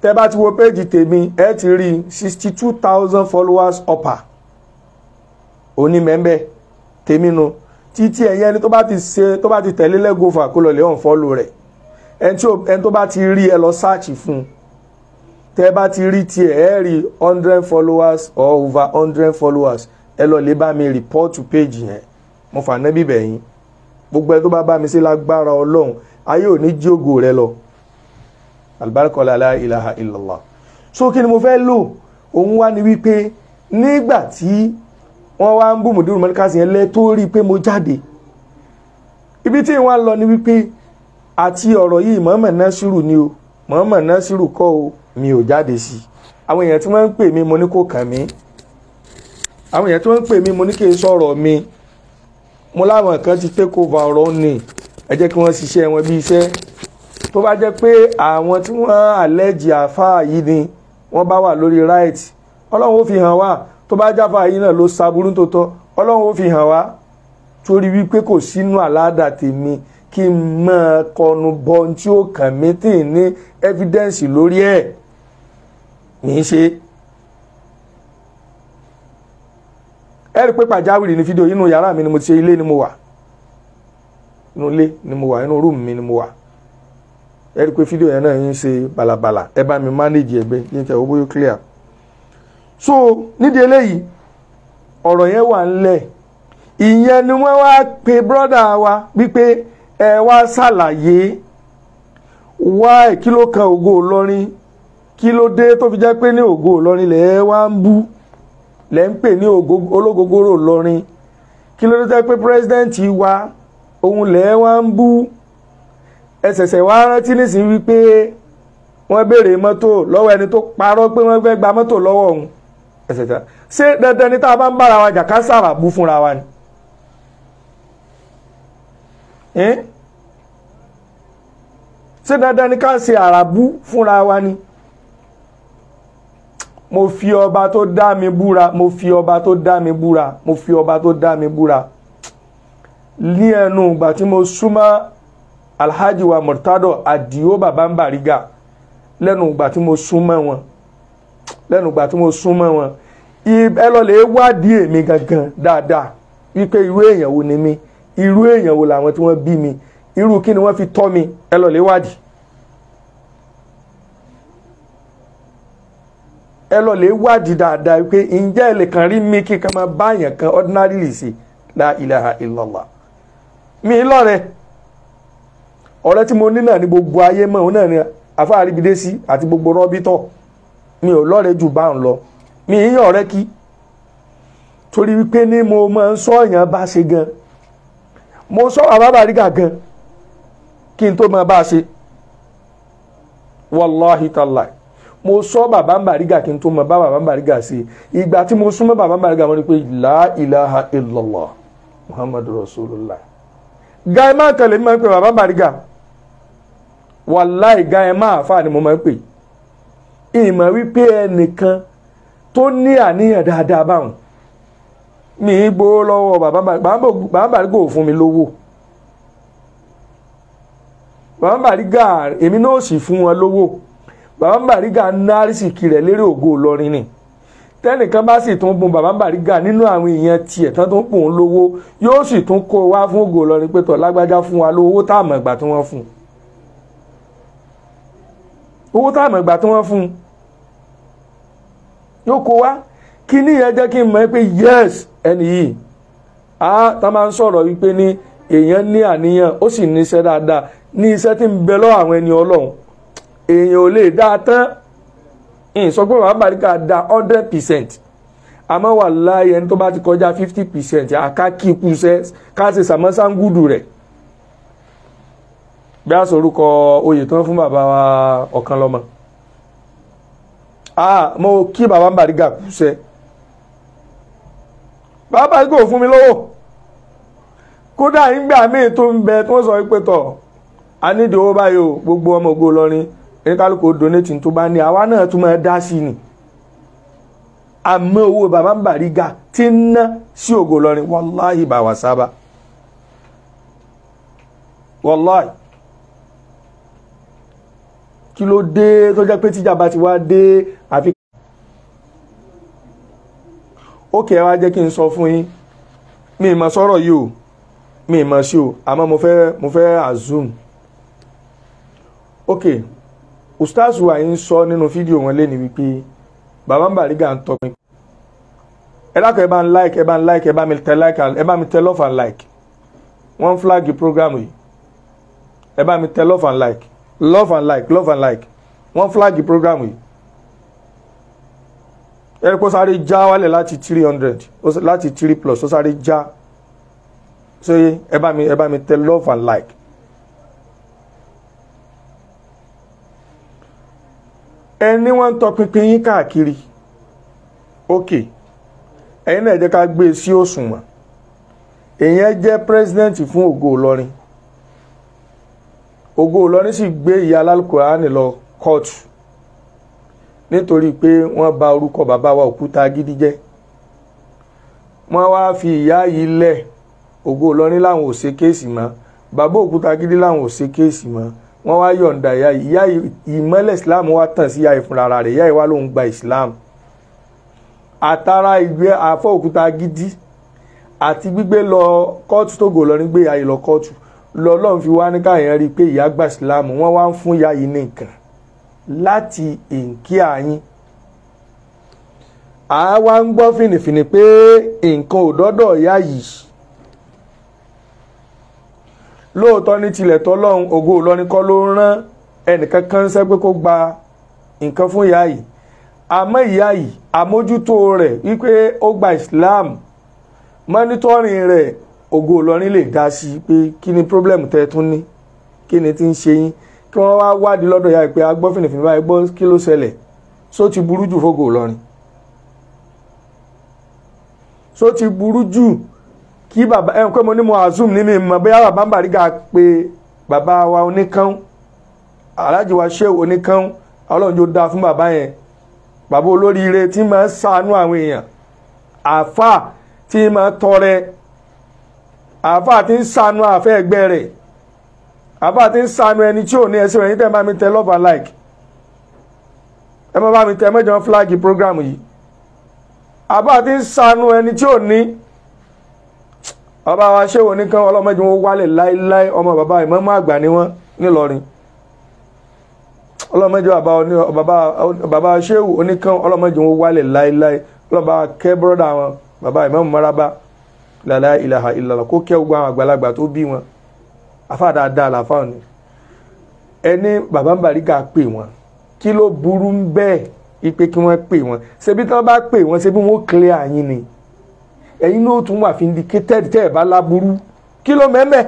tẹ́ bá ti wo péjì tèmi ẹ ti rí sixty two thousand followers upper òní mẹ́mbẹ́ tèmi nu títí ẹ̀yìn ẹni tó bá ti ṣe tó bá ti tẹ̀lé lẹ́gọ́fà kó lọ lè hàn fọ́lù rẹ̀ ẹni tó bá ti rí ẹ lọ sáàchì fún un tẹ́ bá ti rí tiẹ̀ ẹ́ rí hundred followers or over hundred followers ẹ lọ lè bá mi rìpọ́ọ̀tù péjì yẹn mo fà nábì bẹ̀yìn gbogbo ẹ tó bá bá mi sí lágbára ọlọ́run ayé ò ní jí rẹ lọ alibarikọlá la ilaha illallah so kí ni mo fẹ́ lò òun wá ní wípé nígbà tí wọ́n wá ń bú mùdúrù mọ́díkàsì yẹn lẹ́ tó rí i pé mo jáde ibi tí wọ́n lọ ní wípé àti ọ̀rọ̀ yìí mọ̀ọ́mọ̀ Nasiru ni o mọ̀ọ́mọ̀ Nasiru kọ́ o mi ò jáde sí i àwọn èèyàn tí wọ́n ń pè mí mo ní kò kàn mí àwọn èèyàn tí wọ́n ń pè mí mo ní kì í sọ̀rọ̀ mi mo láwọn kan ti take over ọ̀rọ̀ ni ẹ jẹ́ kí wọ́n ṣiṣẹ́ wọn bí iṣẹ́ tó bá jẹ́ pé àwọn tí wọ́n àlẹ́jì àfáà yìí ni wọ́n bá wà lórí right ọlọ́run ó fi hàn wá tó bá jáfa yìí náà ló saburú tó tọ́ ọlọ́run ó fi hàn wá torí wípé kò sínú àládà tèmi kí n máa kọnu bọ́n tí ó kàn mí tì ní evidence lórí ẹ̀. E ní í ṣe ẹ rí i pé pàjáwìrì ní fídíò inú yàrá mi ni mo ti ṣe ilé ni mo wà inú ilé ni mo wà inú rúùmù mi ni mo wà ẹ rí i pé fídíò yẹn náà yín ṣe bàlàbàlà ẹ bá mi manage ẹgbẹ́ yín tẹ̀ owó yóò clear so nídìí eléyìí ọ̀rọ̀ yẹn wà ńlẹ̀ ìyẹn ni wọ́n wá pe brọ́dà wa wípé ẹ wá ṣàlàyé wá ìkìlọ̀ kan ògo Ìlọrin kí ló dé tó fi jẹ́ pé ní ògo Ìlọrin lẹ̀ ẹ́ wá ń bú lẹ̀ ń pè ní ológogoro Ìlọrin kí ló dé tó jẹ́ pé pírẹ́sidẹ́ǹtì wa òun lẹ̀ ẹ́ wá ń bú ẹsẹ̀sẹ̀ wá rántí nísìnyí wípé wọ́n béèrè mọ́tò lọ́wọ́ ẹni tó parọ́ pé wọ́n fẹ́ gba mọ́tò lọ́wọ́ òun ẹsẹ̀sẹ̀ ṣé dandan ni tá a bá ń bára wa jà ká sára bú fúnra wa ni. ṣé dandan ni ká ṣe àràbù fúnra wa ni. Eh? mo fi ọba tó dá mi búra mo fi ọba tó dá mi búra mo fi ọba tó dá mi búra ní ẹnu ìgbà tí mo súnmọ́ alhaji wa murtado adio baba ń bàrígà lẹ́nu ìgbà tí mo súnmọ́ wọn lẹ́nu ìgbà tí mo súnmọ́ wọn ẹ lọ lè wádìí èmi gangan dáadáa wípé irú èèyàn wo ni mi irú èèyàn wo làwọn tí wọ́n bí mi irú kí ni wọ́n fi tọ́ mi ẹ lọ lè wádìí. ẹ lọ lè wádìí dáadáa pé ǹjẹ́ ẹ lè kàn rí mi kí kan máa báyàn kan la ilaha illallah mi lọ́rẹ̀ ọ̀rẹ́ tí mo ní náà ní gbogbo ayé mọ̀ òun náà ni àfáàríbidé sí àti gbogbo rọ́bítọ̀ mi ò lọ́rẹ̀ jù bá ń lọ mi yíyan ọ̀rẹ́ kí torí wípé ni mo máa ń sọ èèyàn bá ṣe gan mo sọ àbábà rígà gan kí n tó máa bá ṣe wàláhìtàláì mo sọ bàbá Bariga kí n tó mọ bá bàbá Bariga sí ìgbà tí mo súnmọ́ bàbá Bariga mo ní pé la ilaha illallah muhammadu rasulullah gáì máa tẹ̀lé mi máa ń pè bàbá Bariga wàláì gáì máa fà ni mo máa ń pè ìmọ̀ wípé ẹnìkan tó ní àníyàn dáadáa báwọn mi ì gbowó lọ́wọ́ bàbá bàbá Bariga ò fún mi lówó bàbá Bariga èmi náà sì fún wọn lówó bàbá Bariga ń ná àrísìkí rẹ̀ lérè ògo Ìlọrin ni tẹ́nìkan bá sì tún bun bàbá Bariga nínú àwọn èèyàn tiẹ̀ tán tó ń pòun lówó yóò sì tún kó wá fún ògo Ìlọrin pé tọ̀ lágbájá fún wa lówó tá àmọ̀ ìgbà tí wọ́n fún owó tá àmọ̀ ìgbà tí wọ́n fún yóò kó wá kí ní yẹn jẹ́ kí n mọ̀ pé yes ẹni yìí a ta máa ń sọ̀rọ̀ wípé ní èèyàn ní àníyàn ó sì ní iṣẹ́ dáadáa ní iṣẹ́ tí ń bẹ lọ́wọ́ àwọn ẹni ọlọ́run èèyàn ò lè dá a tán ìsọgbọ́ bàbá Bàríkà dá hundred percent àmọ́ wà láàyè ẹni tó bá ti kọjá fifty percent àká kí ikú sẹ́ ká ṣe sàmọ́sángúdù rẹ̀ bí a sorúkọ oyè tán fún bàbá wa ọ̀kan lọ́mọ ah mo kí bàbá Bàríkà kú sẹ́ bàbá Bàríkà ò fún mi lówó kódà nígbà míì tó ń bẹ tó ń sọ pé a nídìí owó báyìí o gbogbo ọmọ ògo lọrin oníkálukú donate tó bá ní àwa náà tún máa dá sí ni àmọ́ owó bàbá ń bàrígà tí ń ná sí ògo lọrin wàláhì bàwà sábà wàláhì kí ló dé tó jẹ́ pé tíjàmbá ti wá dé àfi. ó ẹ wá jẹ́ kí n sọ fún yín mi ìmọ̀ sọ̀rọ̀ yìí o mi ìmọ̀ sí o àmọ́ mo fẹ́ mo fẹ́ assume ok ustaz wa yìí ń sọ nínú fídíò wọn léni wípé bàbá ń bàrígà ń tọpin ẹ dákọ̀ ẹ bá ń like ẹ bá ń like ẹ bá mi tẹ like ẹ bá mi tẹ love and like wọ́n flag flag program yìí ẹ bá mi tẹ love and like love and like love and like wọ́n flag flag program yìí ẹ kó sáré já wálẹ̀ láti three hundred láti three plus ó sáré já ṣé ẹ bá mi ẹ bá mi tẹ love and like ẹni wọ́n ń tọpinpin yín káàkiri ókè ẹ̀yin náà jẹ́ ká gbé e sí òṣùwọ̀n èèyàn jẹ́ president fún Ògo Ìlọrin Ògo Ìlọrin sì gbé ìyá alálùkùránì lọ kóòtù nítorí pé wọ́n bà orúkọ bàbá wa Òkútagídí jẹ́ wọ́n wá fi ìyá yìí lẹ̀ Ògo Ìlọrin láwọn ò ṣe kéèsì mọ́ bàbá Òkútagídí láwọn ò ṣe kéèsì mọ́ wọ́n wá yọ̀ǹda ìyá ìyá ìmọ́lẹ̀ islam wá tàn sí ìyá ìfúnra rẹ̀ ìyá ìwá ló ń gba islam àtàrà ìgbé àfọ́ òkúta gidi àti gbígbé lọ kóòtù tó gò lọ nígbé ìyá lọ kóòtù lọ́lọ́run fi wá ní káyọ̀ rí i pé ìyá gba islam wọ́n wá ń fún ìyá yìí ní nǹkan láti ìǹkí àyín àá wá ń gbọ́ fìnnìfìnnì pé nǹkan ò dọ́dọ̀ ìyá yìí lóòótọ́ ní tilẹ̀ tọ́lọ́run ògo Ìlọrin kọ́ ló ń rán ẹnìkan kan ṣẹ́ pé kó gba nǹkan fún ìyá yìí àmọ́ ìyá yìí àmójútó rẹ̀ wípé ó gba Islam mọ́nítọ́rìn rẹ̀ ògo Ìlọrin lè dá sí pé kí ni problem tẹ́ tún ní kí ni ti ń ṣe yín kí wọ́n wá wádìí lọ́dọ̀ ìyá yìí pé agbófinrifin báyìí gbọ́ kí ló ṣẹlẹ̀ só ti burú jù fógo Ìlọrin só ti burú jù kí bàbá ẹ pé mo ní mo assume ní mi mọ̀ bóyá bàbá ń bàrígà pé bàbá wa oníkan aláàjì wa ṣé oníkan ọlọ́run jò dáa fún bàbá yẹn bàbá olóríire tí máa ń ṣàánú àwọn èèyàn àáfàá tí máa tọrẹ àáfàá tí ń ṣàánú àfẹ́ ẹgbẹ́ rẹ̀ àáfàá tí ń ṣàánú ẹni tí ò ní ẹsẹ̀ ẹ̀yìn tẹ́ bá mi tẹ love and like ẹ má bá mi tẹ mẹ́jọ flag program yìí àáfàá tí ń ṣàánú ẹni tí ò ní bàbá wa ṣéwò nìkan ọlọ́mọdé wọn wálẹ̀ láéláé ọmọ bàbá ìmọ̀ọ́mọ́ àgbà ni wọ́n nílọrin ọlọ́mọdé bàbá ṣéwò oníkan ọlọ́mọdé wọn wálẹ̀ láéláé ọlọ́ba kẹ́ bọ́dà wọn bàbá ìmọ̀ọ́mọ́ maraba lálẹ́ ìlàhà ìlàlà kó kẹ́ gbogbo àwọn àgbàlagbà tó bí wọn afáàdáadáa làfáà ni ẹni bàbá ń bàríkà pè wọn kí ló burú ń bẹ́ẹ̀ ipe kí wọ́n pè wọn ṣebí tí wọ́n bá pè wọn ṣebí wọ́n clear yín ni ẹ̀yin ló tún wà vindicated tẹ́ ẹ̀ bá láburú kí ló mẹ́mẹ́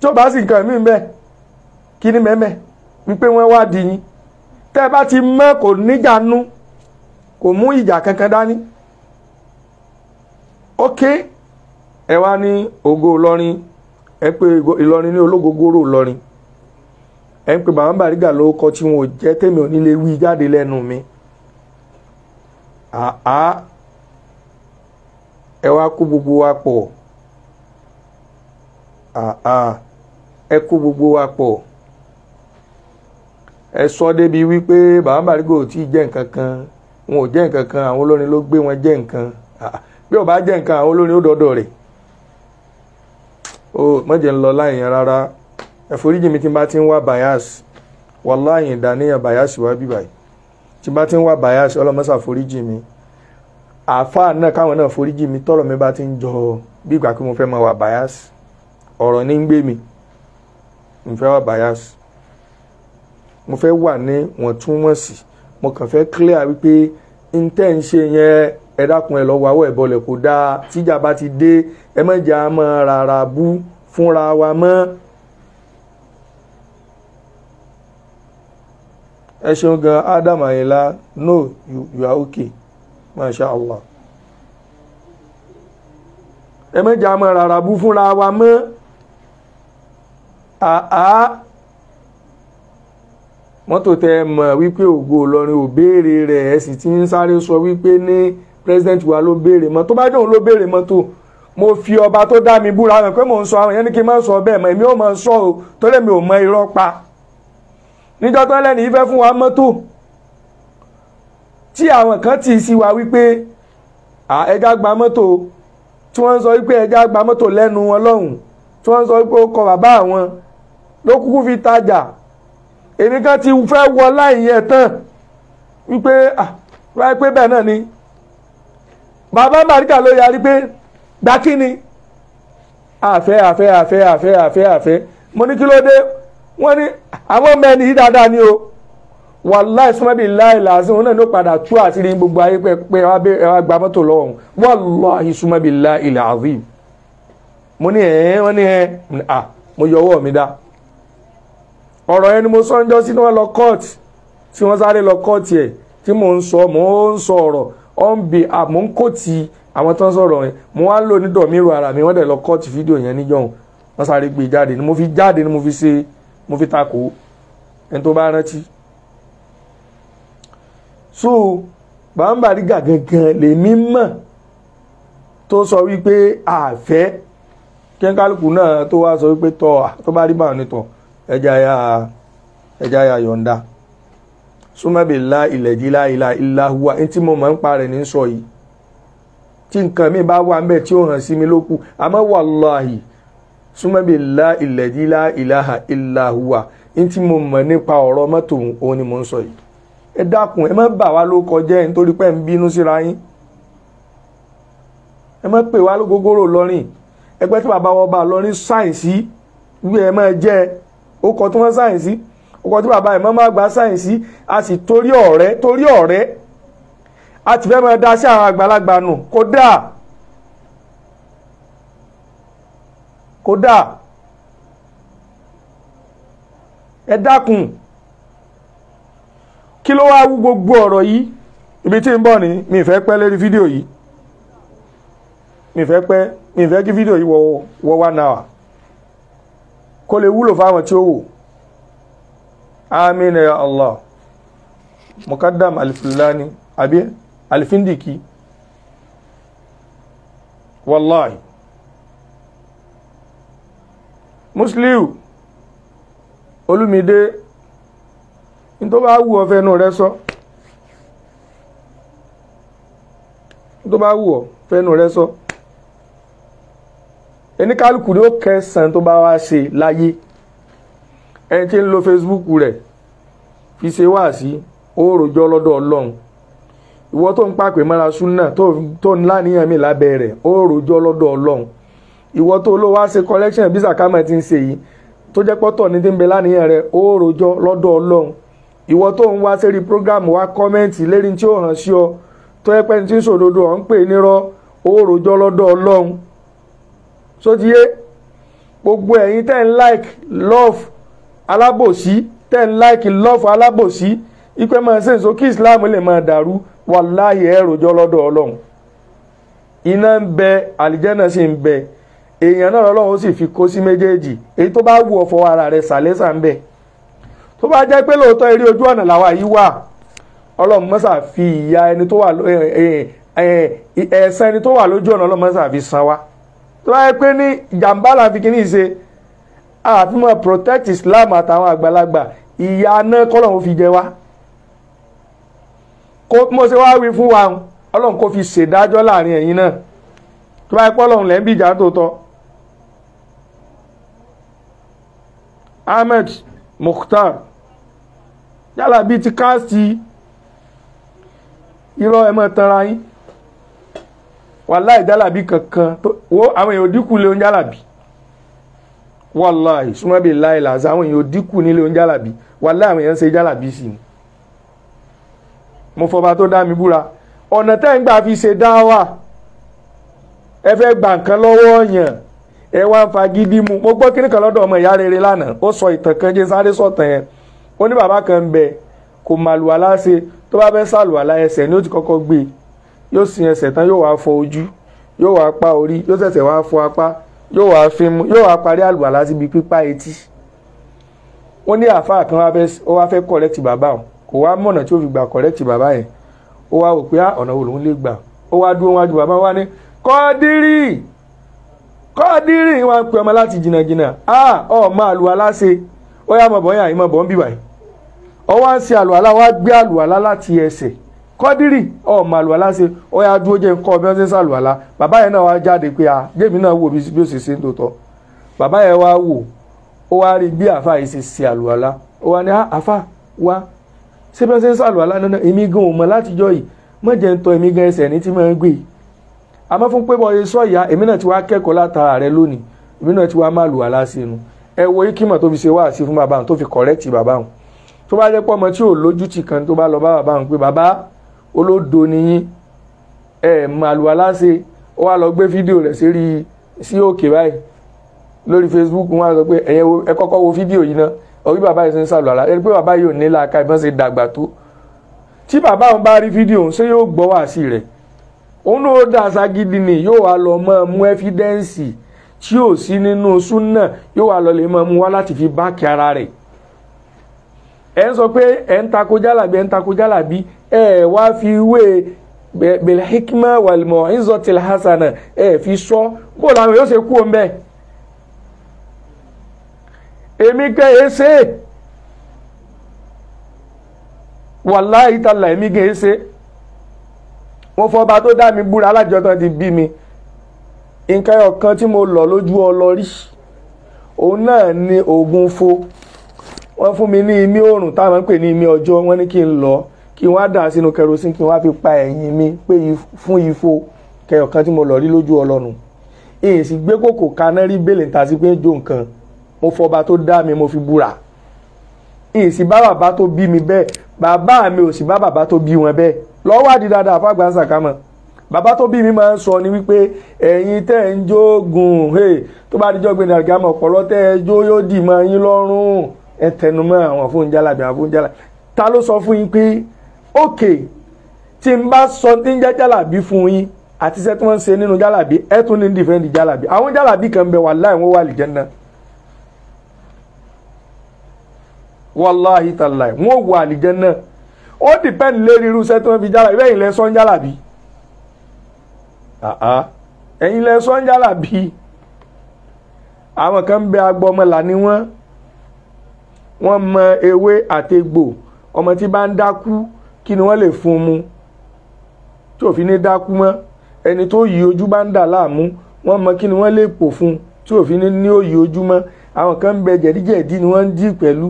tó bá sì nǹkan mí mẹ́ kí ni mẹ́mẹ́ wípé wọ́n wá di yín tẹ́ ẹ bá ti mọ́ kò níjànú kò mú ìjà kankan dání ok ẹ wá ní ògo Ìlọrin ẹ pé Ìlọrin ní ológogoro Ìlọrin ẹ ń pè bàbá Bariga lóko tí wọn ò jẹ́ tèmi ò ní lè wí jáde lẹ́nu mi. àá ẹ wá kó gbogbo wa pọ̀ àá ẹ kó wa pọ̀ ẹ débi wípé bàbá Bàrígò tí ì jẹ́ nǹkan kan wọn ò jẹ́ nǹkan kan àwọn olórin ló gbé wọn jẹ nǹkan bí ó bá jẹ́ nǹkan àwọn olórin ó dọ́dọ̀ rẹ̀ o mọ̀jẹ̀ ń lọ láì yẹn rárá ẹ̀fọ́ríjì mi ti bá ti ń wá bias wàláhì ìdáníyàn bias wá bíbáyìí. tí bá ti ń wà bias ọlọ́mọ́sà foríjì mi àáfàá náà káwọn náà foríjì mi tọ́rọ̀ mi bá ti ń jọ bí ìgbà pé mo fẹ́ máa wà bias ọ̀rọ̀ ní ń gbé mi mo fẹ́ wà bias mo fẹ́ wà ní wọ̀ntúnwọ̀nsì mo kàn fẹ́ clear wípé n tẹ́ ń ṣe yẹn ẹ dákun ẹ lọ wà wọ́ ẹ̀ bọlẹ̀ kó dáa tíjà bá ti dé ẹ mọ̀jà máa rárá bú fúnra wa mọ́. ẹ ṣeun gan Adam Ayinla no you, you are okay masha Allah ẹ méjì àmọ́ rárá bú fúnra wa mọ́ àá mọ́tò tẹ mọ̀ wípé ògo Ìlọrin ò béèrè rẹ̀ ẹ sì ti ń sáré sọ wípé ní president wa ló béèrè mọ́ tó bá dóun ló béèrè mọ́tò mo fi ọba tó dá mi búra hàn pé mò ń sọ àwọn yẹn ní kí n má sọ bẹ́ẹ̀ mọ́ èmi ò mọ̀ sọ o tó mi ò mọ irọ́ pa níjọ́ tán lẹ́nu ìfẹ́ fún wa mọ́tò tí àwọn kan tì sí wa wípé ẹja gba mọ́tò tí wọ́n ń sọ wípé ẹja gba mọ́tò lẹ́nu wọn lọ́hùn tí wọ́n ń sọ wípé ó kọ bàbá àwọn ló kúkú fi tajà èmi kan ti fẹ́ wọ láì yẹn tán wípé wáyé pé bẹ́ẹ̀ náà ni bàbá màríkà ló yarí pé gbá ni àfẹ́ àfẹ́ àfẹ́ àfẹ́ àfẹ́ àfẹ́ mo ní kí ló dé wọ́n ní àwọn ọmọ ẹni yìí dáadáa ni o wàláì sọmọbi láì làásìn òun náà ló padà tú àṣírí gbogbo ayé pé ẹ wá gba mọ́tò lọ́wọ́ wàláì sọmọbi láì làásìn mo ní ẹ̀ wọ́n ní ẹ̀ à mo yọ ọwọ́ mi dá ọ̀rọ̀ ẹni mo sọ ń jọ sí ni wọ́n lọ kọ́ọ̀tì tí wọ́n sáré lọ kọ́ọ̀tì ẹ̀ tí mò ń sọ mò ń sọ ọ̀rọ̀ ọ̀nbì àmọ́ ń kò tí àwọn tó ń sọ̀rọ̀ yẹn mo wá lò ní dọ̀míru ara mi wọ́n dẹ̀ lọ kọ́ọ̀tì fídíò yẹn níjọ́ wọn sáré gbé jáde ni mo fi jáde ni mo fi ṣe mo fi takò ẹni tó bá rántí so bàbá rí gàgangan lèmi mọ̀ tó sọ wípé àfẹ́ kẹ́ńkálùkù náà tó wá sọ wípé tọ́ tó bá rí báwọn nítọ̀ ẹja ya ẹja ya yọ̀ǹda súnmọ́bìlá ilẹ̀dí láìlá ìlàhùwà ní tí mo mọ̀ ń parẹ̀ ní sọ yìí tí nǹkan mi bá wà ń bẹ̀ tí ó hàn sí mi lókù àmọ́ wàláhì súnmọ́bi la ilẹ̀dí la ilaha illa huwa ní tí mo mọ̀ nípa ọ̀rọ̀ mọ́tò òun ni mò ń sọ yìí ẹ dákun ẹ má bà wá ló kọjá ẹ nítorí pé ẹ ń bínú síra yín ẹ má pè wá ló gógóró lọ́rìn ẹgbẹ́ tí bàbá wọn bá lọ́rìn sáyẹ̀nsì wí ẹ má jẹ́ ó kọ tí wọ́n sáyẹ̀nsì ó kọ tí bàbá ẹ̀ má má gba sáyẹ̀nsì a sì torí ọ̀rẹ́ torí ọ̀rẹ́ a ti fẹ́ máa dá sí àwọn àgbàlagbà nù kódà. kódà ẹ dákun kí ló wá wú gbogbo ọ̀rọ̀ yìí ibi tí ń bọ̀ ní mi fẹ́ pẹ́ lérí fídíò yìí mi fẹ́ pẹ́ mi fẹ́ kí fídíò yìí wọ one hour kó lè wúlò fáwọn tí ó wò amina ya allah mukadam alifulani àbí alifindiki wallahi Musliu Olúmidé ní tó bá wù ọ fẹnu rẹ sọ ní tó bá wù ọ fẹnu rẹ sọ ẹnikálukú ni ó kẹsàn tó bá wá ṣe láyé ẹni tí ń lo Facebook rẹ fi ṣe wáàsí ó rojọ́ lọ́dọ̀ Ọlọ́run ìwọ tó ń pàpè mọ́ra súnà tó ń láníyàn mi lábẹ́ rẹ̀ ó rojọ́ lọ́dọ̀ Ọlọ́run ìwọ tó ló wá ṣe collection bí sàkámà ti ń ṣe yìí tó jẹ́ pọ́tọ̀ ní ti ń bẹ lánìyàn rẹ̀ ó rojọ́ lọ́dọ̀ ọlọ́run ìwọ tó ń wá sérí program wá kọ́mẹ́ǹtì lérí tí ó hàn sí ọ tó yẹ pẹ́ni tí ń ṣòdodo ọ̀ ń pè nírọ́ ó rojọ́ lọ́dọ̀ ọlọ́run sótìyé gbogbo ẹ̀yin tẹ́ ń like love alábòsí tẹ́ ń like love alábòsí ipe máa ṣe èso kí Islam lè máa dàrú wàláhì ẹ̀ rojọ́ lọ́dọ̀ ọlọ́run iná ń bẹ àlìjẹ́nà sì ń bẹ èèyàn náà lọ́lọ́run sì fi kó sí méjèèjì èyí tó bá wù ọ̀fọ̀ ara rẹ̀ sàlẹ́sà ń bẹ̀ tó bá jẹ́ pé lóòótọ́ eré ojú ọ̀nà làwa yìí wà ọlọ́run mọ́sà fi ìyà ẹni tó wà ẹ̀san ẹni tó wà lójú ọ̀nà ọlọ́run mọ́sà fi san wa tó bá yẹ pé ní ìjàmbá là fi kíní ṣe àfi mọ́ protect Islam àtàwọn àgbàlagbà ìyà náà kọ́lọ́run fi jẹ wá. kó mo ṣe wá wí fún wa ọlọ́run kó fi ṣèdájọ́ láàrin ẹ̀yin náà tó bá pọ́ lọ́hùn lẹ́bí ìjà tó tọ́ Ahmed Mukhtar yálà bíi ti káàsì irọ́ ẹ̀ mọ́ tanra yín wàláì jálàbí kankan wo àwọn èèyàn dínkù lé oúnjẹ àlàbí wàláì súnmọ́ bíi láì làásà àwọn èèyàn dínkù nílé oúnjẹ àlàbí wàláì àwọn èèyàn ń ṣe jálàbí sí ni mo fọba tó dá mi búra ọ̀nà tẹ́ ń gbà fi ṣe dá wà ẹ fẹ́ gba nǹkan lọ́wọ́ yàn ẹ wá ń fagídí mu mo gbọ́ kíní kan lọ́dọ̀ ọmọ ìyá rere lánàá ó sọ ìtàn kan jẹ́ sáré sọ̀tàn yẹn ó ní bàbá kan ń bẹ kò màlúwa láṣe tó bá fẹ́ sàlùwàlá ẹsẹ̀ ni ó ti kọ́kọ́ gbé yóò sin ẹsẹ̀ tán yóò wá fọ ojú yóò wá pa orí yóò ṣẹ̀ṣẹ̀ wá fọ apá yóò wá fi mu yóò wá parí àlùwàlá síbi pípa etí wọ́n ní àáfàá kan ó wá fẹ́ kọ̀rẹ́tì bàbá o kò wá mọ̀nà tí ó fi gbà kọ̀rẹ́tì bàbá yẹn ó wá wò pé ah, ọ̀nà wo lòun lè gbà ó wá dúró wájú bàbá wa ní kọ́dírì kọ́dírì wọn pe ọmọ láti jìnnàjìnnà a ọ máa lu aláṣẹ ó yá mọ̀bọ̀ yàn àyè mọ̀bọ̀ ń bì báyìí ọ wá ń ṣe àlùwàlá wá gbé àlùwàlá láti ẹsẹ̀ kọ́dírì ọ máa lu aláṣẹ ó yá dúró jẹ́ nǹkan bí ṣe ń ṣàlùwàlá bàbá yẹn náà wá jáde pé a jẹ́mi náà wò bí ó ṣe ṣe ń tòótọ́ bàbá yẹn wá wò ó wá rí bí àfa yìí ṣe ṣe àlùwàlá ó wá ní àfa wá ṣé bí wọ́n ṣe ń ṣàlùwàlá náà èmi gan ò mọ̀ látijọ́ yìí àmọ́ fún pé bọ́ọ̀yẹ sọ ìyá èmi náà ti wá kẹ́kọ̀ọ́ látara rẹ lónìí èmi náà ti wá má lù aláṣẹ inú ẹ wo ikímọ̀ tó fi ṣe wáàsí fún bàbá àwọn tó fi kọ̀rẹ́tì bàbá àwọn tó bá jẹ́ pọ́ ọmọ tí ò lójú ti kan tó bá lọ bá bàbá àwọn pé bàbá olódo niyín ẹ má lù aláṣẹ ó wá lọ gbé fídíò rẹ̀ sí òkè báyìí lórí Facebook wọn á sọ pé ẹ̀yẹ ẹ kọ́kọ́ wo fídíò yìí ná orí bàbá yìí ṣe ń sàlù àlá ẹni pé bàbá yìí ò ní làákà ìbọn ṣe dàgbà tó tí bàbá àwọn bá rí fídíò ṣé yóò gbọ́ wáàsí rẹ̀ òun ló dà ságídí ni yóò wá lọ mọ́ mú ẹ́fídẹ́ǹsì tí ò sí nínú súnà yóò wá lọ lè mọ́ mú wá láti fi báàkì ara rẹ̀ ẹ ń sọ pé ẹ ń takò jálàbí ẹ ń takò jálàbí ẹ wá fi wé bilhikma walmọ inzotil hasana ẹ fi sọ bó làwọn yóò ṣe kú òun bẹ́ẹ̀ èmi kẹ́ ẹ ṣe wàláhìí tàlà èmi kẹ́ ẹ ṣe mo fọba tó dá mi búra alájọ tán ti bí mi nǹkan ọ̀kan tí mo lọ lójú ọlọ́rí òun náà ni oògùn fo wọ́n fún mi ní imí oòrùn táwọn ń pè ní imí ọjọ́ wọ́n ní kí n lọ kí n wá dà sínú kẹrosin kí n wá fi pa ẹ̀yìn mi pé fún ifo kẹyọ̀ kan tí mo lọ rí lójú ọlọ́nu èyí sì gbé kòkò kaná rí bèlè ta sí pé ń jó nǹkan mo fọba tó dá mi mo fi búra èyí sì bá bàbá tó bí mi bẹ́ẹ̀ bàbá mi ò sì bá bàbá tó bí wọn bẹ́ẹ̀ lọ́wọ́ àdì dáadáa fàgbà sàkámọ̀ bàbá tó bí mi máa ń sọ ni wípé ẹ̀yin tẹ́ ń jógun tó bá dijọ́ gbẹ̀dẹ̀ àgámọ̀ ọ̀pọ̀lọ́ tẹ́ ẹ jó yóò dì mọ́ yín lọ́rùn ẹ tẹnumọ́ àwọn fóúnjálàbí àwọn fóúnjálàbí ta ló sọ fún yín pé ókè tí n bá sọ tí ń jẹ́ jálàbí fún yín àti iṣẹ́ tí wọ́n ń ṣe nínú jálàbí ẹ tún ní dìfẹ́ǹdì jálàbí àwọn jálàbí kan bẹ wàláì wọ́n wà àlìjánnà wàláì tàláì wọ́n wà àlìjánnà ó dìpẹ́ǹd lérí irúṣẹ́ tí wọ́n fi jálàbí bẹ́ẹ̀ ilẹ̀ sọ́n jálàbí ẹ̀yin ilẹ̀ sọ́n jálàbí àwọn kan ń bẹ agbọmọlà ni wọ́n wọ́n mọ ewé àtegbò ọmọ tí bá ń dákú kí ni wọ́n lè fún un mu tí òfin ní dákú mọ́ ẹni tó yí ojú bá ń dà láàmú wọ́n mọ kí ni wọ́n lè pò fún un tí òfin ní ní òyì ojú mọ́ àwọn kan ń bẹ jẹ̀díjẹ̀dí ni wọ́n ń dì pẹ̀lú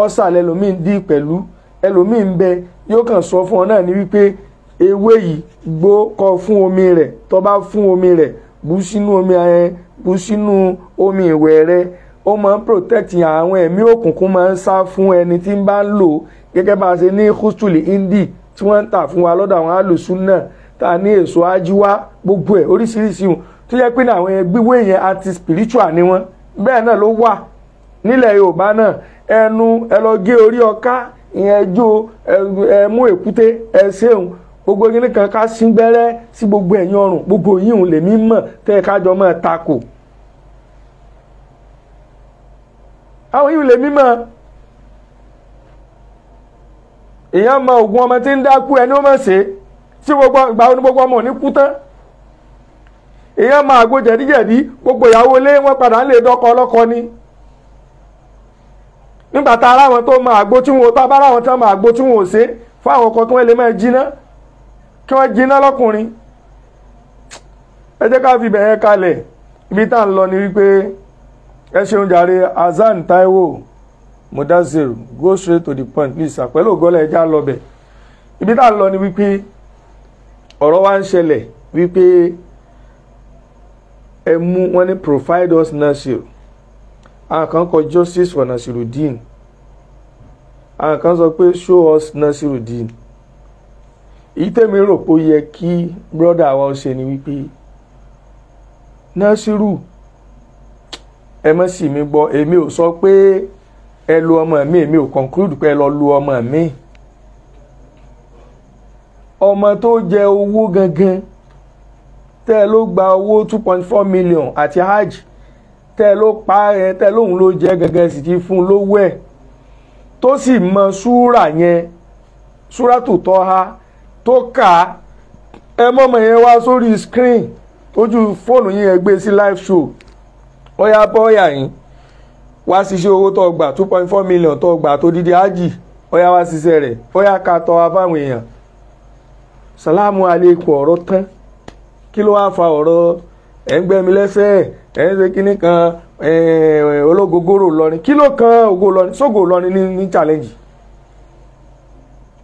ọ́sà lẹ́lòmíì ń dì pẹ̀lú ẹlòmíì ń bẹ yóò kàn sọ fún ọ náà ni wípé ewé yìí gbó kọ fún omi rẹ tó bá fún omi rẹ bú sínú omi ayẹn bú sínú omi ìwẹ̀ rẹ̀ ó máa ń protect àwọn ẹ̀mí òkùnkùn máa ń sá fún ẹni tí ń bá ń lò gẹ́gẹ́ bá a ṣe ní hustuli indi tí wọ́n ń tà fún wa lọ́dọ̀ àwọn alùsùn náà ta a ní èso ajíwá gbogbo ẹ̀ oríṣiríṣi hùn tó yẹ pé àwọn gbígbó yẹn anti spiritual ni wọ́n bẹ́ẹ̀ náà ló wà nílẹ̀ Yorùbá náà ẹnu ẹ lọ gé orí ọká ìyẹn jó ẹ mú èkúté ẹ ṣéun gbogbo kíní kan ká sín gbẹ́rẹ́ sí gbogbo ẹ̀yìn ọrùn gbogbo yíhun lèmi mọ̀ tẹ ẹ kájọ mọ́ tako àwọn lèmi mọ. èèyàn mọ ògùn ọmọ tí ń dákú ẹni ó gbogbo ọmọ kú tán èèyàn mọ gbogbo ìyàwó wọn padà ń lè ni. nígbà tá aráwọn tó máa gbó tí wọn tá bá aráwọn tó máa gbó tí wọn ò ṣe fún àwọn ọkọ kí wọn lè máa jiná kí wọn jiná lọkùnrin ẹ jẹ́ ká fi bẹ̀yẹn kalẹ̀ ibi tá à ń lọ ni wípé ẹ ṣeun jàre Hasan Taiwo Mudazir go straight to the point please àpẹẹlú ògọ́lẹ̀ ẹja lọ́bẹ̀ ibi tá à ń lọ ni wípé ọ̀rọ̀ wa ń ṣẹlẹ̀ wípé ẹ mú wọn ní provide us nursery àwọn kan kọ justice for Nasirudeen àwọn kan sọ pé show us Nasirudeen èyí tẹ̀mí rò pé ó yẹ kí brọ́dà wa ó ṣe ni wípé Nasiru ẹ mọ̀ sí mi gbọ́ èmi ò sọ pé ẹ lu ọmọ mi èmi ò conclude pé ẹ lọ lu ọmọ mi ọmọ tó jẹ owó gangan tẹ́ ẹ ló gba owó two point four million àti hajj tẹ́ ló pa ẹ tẹ́ lóun ló jẹ gẹ́gẹ́ sì ti fún lówó ẹ̀ tó sì mọ súrà yẹn súrà tó tọ́ ha tó kà á ẹ mọ́mọ́ yẹn wá sórí screen ojú fóònù yín ẹ gbé sí live show ó yá bọ́ọ̀yà yín wá ṣiṣẹ́ owó tó gbà two point four million tó gbà tó dídí ájì ó yá wá ṣiṣẹ́ rẹ̀ ó yá ká tọ́ wa fáwọn èèyàn sàlámù alẹ́kùn ọ̀rọ̀ tán kí ló wá fa ọ̀rọ̀ ẹ̀ ń gbẹ́mi lẹ́sẹ̀ ẹ̀ ń ṣe kínní kan ológogoro lọrin kí ló kan ògo lọrin sógo lọrin ní ní challenge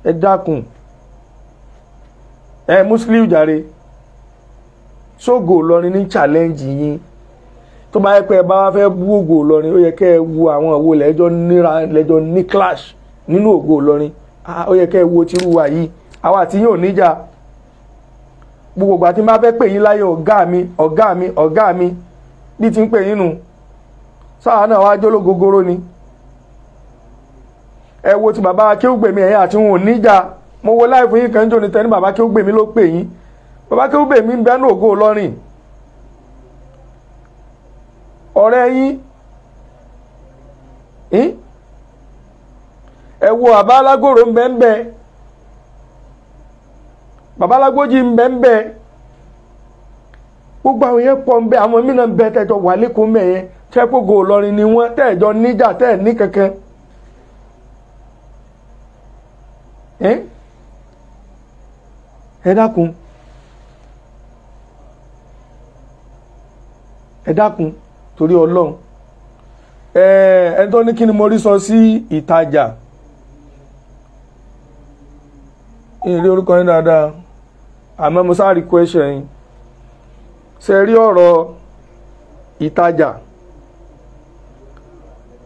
ẹ dákun ẹ muslim jàre sógo lọrin ní challenge yín tó bá yẹ pé ẹ bá wá fẹ́ bú ògo lọrin ó yẹ kẹ́ ẹ wo àwọn òwò lẹ́jọ́ níra lẹ́jọ́ ní clash nínú ògo lọrin ó yẹ kẹ́ ẹ wo tìrú wa yìí àwa àti yín ò níjà gbogbo ìgbà tí n fẹ́ pè yín láyé ọ̀gá mi ọ̀gá mi ọ̀gá mi bí ti ń pè yín nù sáà náà wá jóló gogoro ni ẹ wo ti bàbá akéwùgbèmí ẹ̀yìn àti wọn ò níjà mo wo láì fún yín kan jò ní bàbá akéwùgbèmí ló pè yín bàbá ń ògo lọ́rìn ọ̀rẹ́ yín ẹ babalágbó jí ń bẹ gbogbo àwọn yẹn pọ̀ ń àwọn mìíràn bẹ tẹ̀jọ wà ni wọ́n tẹ̀jọ níjà ní kankan. ẹ dákun ẹ dákun torí ní kí àmọ́ mo sáré question yín ṣe rí ọ̀rọ̀ ìtajà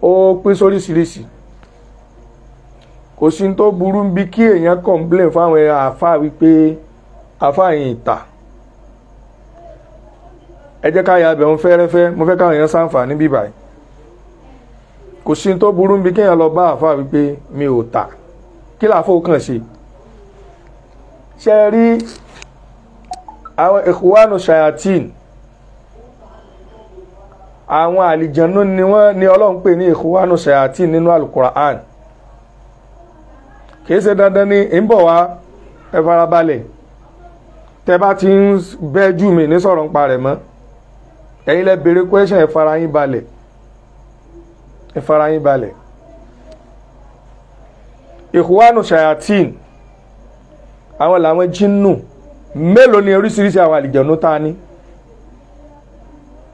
ó pín sóríṣiríṣi kò sí tó burú bí kí èèyàn complain fáwọn àáfàá wípé àáfàá yìí ta ẹ jẹ́ ká ya abẹ̀ òun fẹ́rẹ́fẹ́ mo fẹ́ káwọn èèyàn ṣàǹfààní bíbà yìí kò sí tó burú bí kéèyàn lọ bá àáfàá wípé mi ò ta kí làáfò kàn ṣe ṣe rí àwọn ikhwanu shayatin àwọn àlìjànú ni wọ́n ní ọlọ́run pè ní ikhwanu shayatin nínú alukura'an kìí ṣe dandan ní ìbọ̀ wá ẹ farabalẹ̀ bá ti ń bẹ́jú mi ní sọ̀rọ̀ ń parẹ̀ mọ́ ẹ̀yin lẹ béèrè question ẹ fara balẹ̀ ẹ balẹ̀ ikhwanu shayatin àwọn làwọn jinnu mélòó ni oríṣiríṣi àwọn àlìjànú tá a ní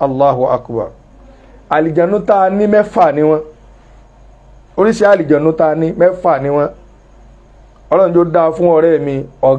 allahu akbar àlìjànú tá a ní mẹ́fà ni wọ́n oríṣi àlìjànú tá a ní mẹ́fà ni wọ́n ọlọ́run tó dáa fún ọ̀rẹ́ mi ọ̀gá.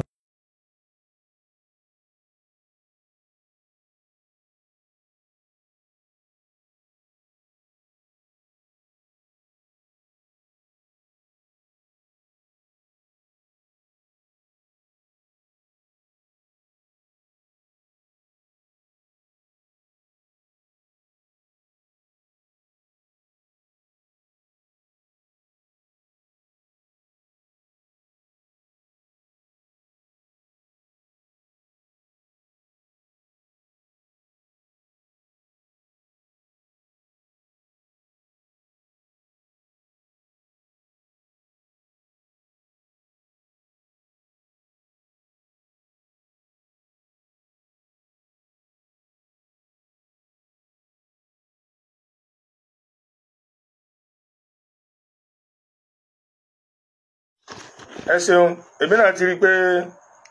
ẹ ṣeun èmi náà ti rí i pé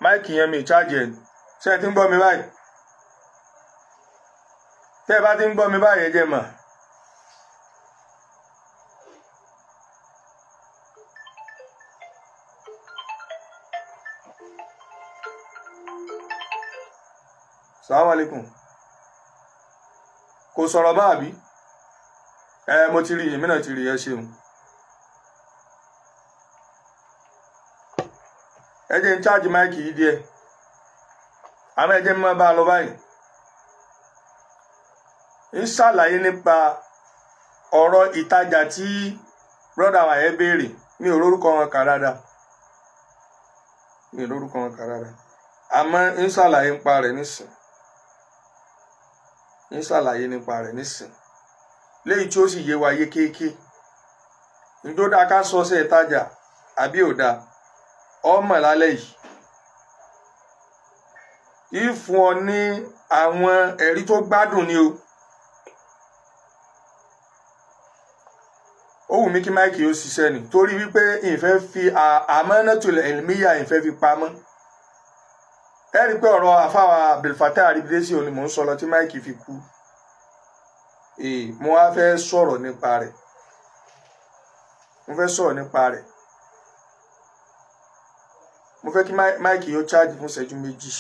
máìkì yẹn mi ìcháàjì ẹ̀ ṣé ẹ ti ń gbọ́ mi báyìí tẹ́ ẹ bá ti ń gbọ́ mi báyìí ẹ jẹ́ mà. salaam aleykum kò sọ̀rọ̀ bá ẹ mo ti rí èmi náà ti rí ẹ ṣeun. ẹjẹ ń chájì máìkì yìí díẹ̀ àmọ́ ẹjẹ mímọ́ bá a lọ báyìí ń ṣàlàyé nípa ọ̀rọ̀ ìtajà tí brọ́dà wa yẹn béèrè mi ò lórúkọ wọn kà dáadáa mi ò lórúkọ wọn kà dáadáa àmọ́ ń ṣàlàyé nípa rẹ̀ nísìn ń ṣàlàyé nípa rẹ̀ nísìn léyìí tí ó sì yé wa yé kéèké ọmọ lálẹ́ yìí yìí fún ọ ní àwọn ẹ̀rí tó gbádùn ni o ó wù mí kí máìkì yóò ṣiṣẹ́ ni torí wípé ìfẹ́ fi àmọ́nàtòlẹ̀ ẹ̀lmíyà ìfẹ́ fi pamọ́ ẹ rí i pé ọ̀rọ̀ àfáwà abdulfata àrídésì òní mò ń sọ lọ tí máìkì fi kú mo wá fẹ́ sọ̀rọ̀ nípa rẹ̀ mo fẹ́ sọ̀rọ̀ nípa rẹ̀ mo fẹ́ kí máìkì yóò charge fún ìṣẹ́jú méjì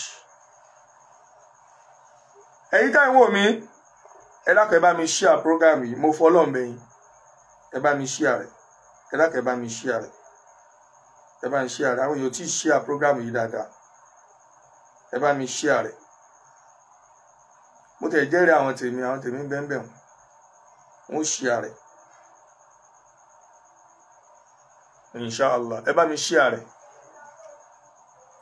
ẹ̀yin tá ìwò mi ẹ dákọ̀ ẹ bá mi share program yìí mo fọ́ lọ́ọ̀mẹ́ yìí ẹ bá mi share rẹ̀ ẹ dákọ̀ ẹ bá mi share rẹ̀ ẹ bá mi share rẹ̀ àwọn èèyàn tí share program yìí dáadáa ẹ bá mi share rẹ̀ mo tẹ̀ jẹ́rìí àwọn tèmi àwọn tèmi bẹ́ẹ̀ bẹ́ẹ̀ wọ́n share rẹ̀ inshallah ẹ bá mi share rẹ̀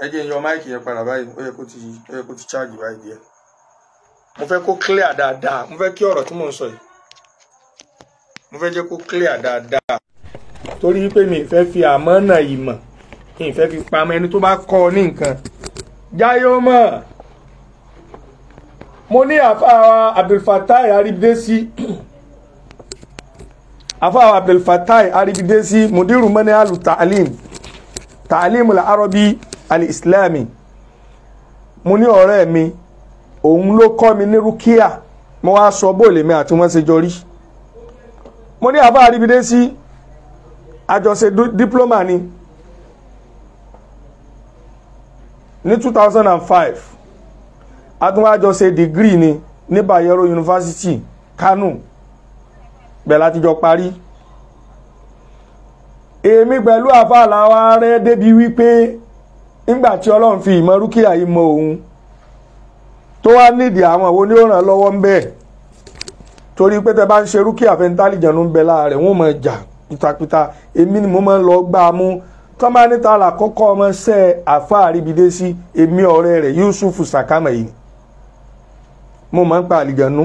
ẹ jẹ́ yan máìkì yẹn padà báyìí ó yẹ kó ti ó yẹ kó ti ṣáàjì báyìí díẹ̀ mo fẹ́ kó clear dáadáa mo fẹ́ kí ọ̀rọ̀ tí mò ń sọ yìí mo fẹ́ jẹ́ kó clear dáadáa torí wípé mi ì fẹ́ fi àmọ́nà ìmọ̀ mi ì fẹ́ fi pamọ́ ẹni tó bá kọ́ ọ ní nǹkan jáyé ó mọ̀ mo ní àfáà Abdulfatai Aribidesi àfáà Abdulfatai Aribidesi mudiru alu ta'alim ta'alim la arabi al-islami mo ní ọ̀rẹ́ mi òun ló kọ́ mi ní rúkìá mo wá sọ bóòlè mi àti wọ́n ṣe jọ rí mo ní àbá àríbidé sí àjọṣe dípúlọ́mà ni ní 2005 àtúnwájọṣe dìgírì ni ní Bayero University Kano bẹ̀ láti jọ parí èmi pẹ̀lú àfàlà wa rẹ̀ débi wípé nígbà tí ọlọ́run fi ìmọ̀ rúkìá yìí mọ òun tó wá nídìí àwọn wo ni ó ràn lọ́wọ́ ń bẹ́ẹ̀ torí pé tẹ bá ń ṣe rúkìá fẹ́ntálìjàn ló ń bẹ láàrẹ̀ wọ́n mọ̀ jà pitapita èmi ni mo máa ń lọ gbá a mú tọ́mọ níta làkọ́kọ́ ọmọ sẹ́ àfa àríbidé sí èmi ọ̀rẹ́ rẹ̀ Yusuf Sakama yìí mo máa ń pa àlìjànú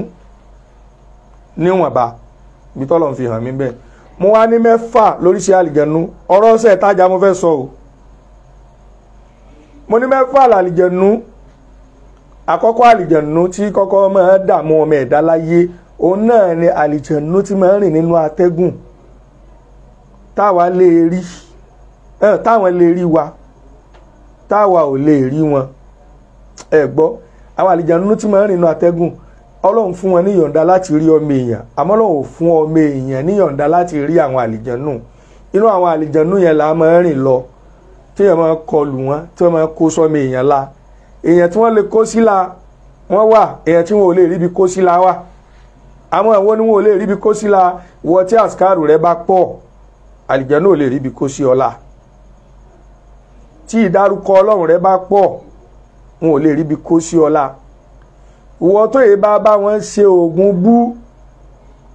níwọ̀nba ibi tọ́lọ̀ fi hàn mí bẹ́ẹ̀ mo wá ní mẹ́fà lóríṣìí àlìjànú ọ̀rọ̀ ọ̀sẹ̀ tájà mo fẹ́ sọ o mo ní mẹ́fà làlìjẹ̀nu àkọ́kọ́ àlìjẹ̀nu tí kọ́kọ́ máa dààmú ọmọ ẹ̀dá láyé òun náà ni àlìjẹ̀nu tí máa ń rìn nínú atẹ́gùn táwa lè rí táwọn lè rí wa táwa ò lè rí wọn ẹ gbọ́ àwọn àlìjẹ̀nu tí máa ń rìn nínú atẹ́gùn ọlọ́run fún wọn níyọ̀ǹda láti rí ọmọ èèyàn àmọ́ ọlọ́run ò fún ọmọ èèyàn níyọ̀ǹda láti rí àwọn àlìjẹ̀nu inú àwọn àlìjẹ̀nu yẹn là máa ń rìn lọ tí yẹn máa kọlù wọn tí wọ́n máa kó sọmọ èèyàn la èèyàn tí wọ́n lè kó sí la wọ́n wà èèyàn tí wọn ò lè ríbi kó sí la wà àwọn àwọn ni wọn ò lè ríbi kó sí la wọ́n tí àsìkárù rẹ bá pọ̀ àlìjẹ́ náà ò lè ríbi kó sí ọ̀la tí ìdárúkọ ọlọ́run rẹ bá pọ̀ wọn ò lè ríbi kó sí ọ̀la ìwọ tó yẹ bá bá wọn ṣe oògùn bú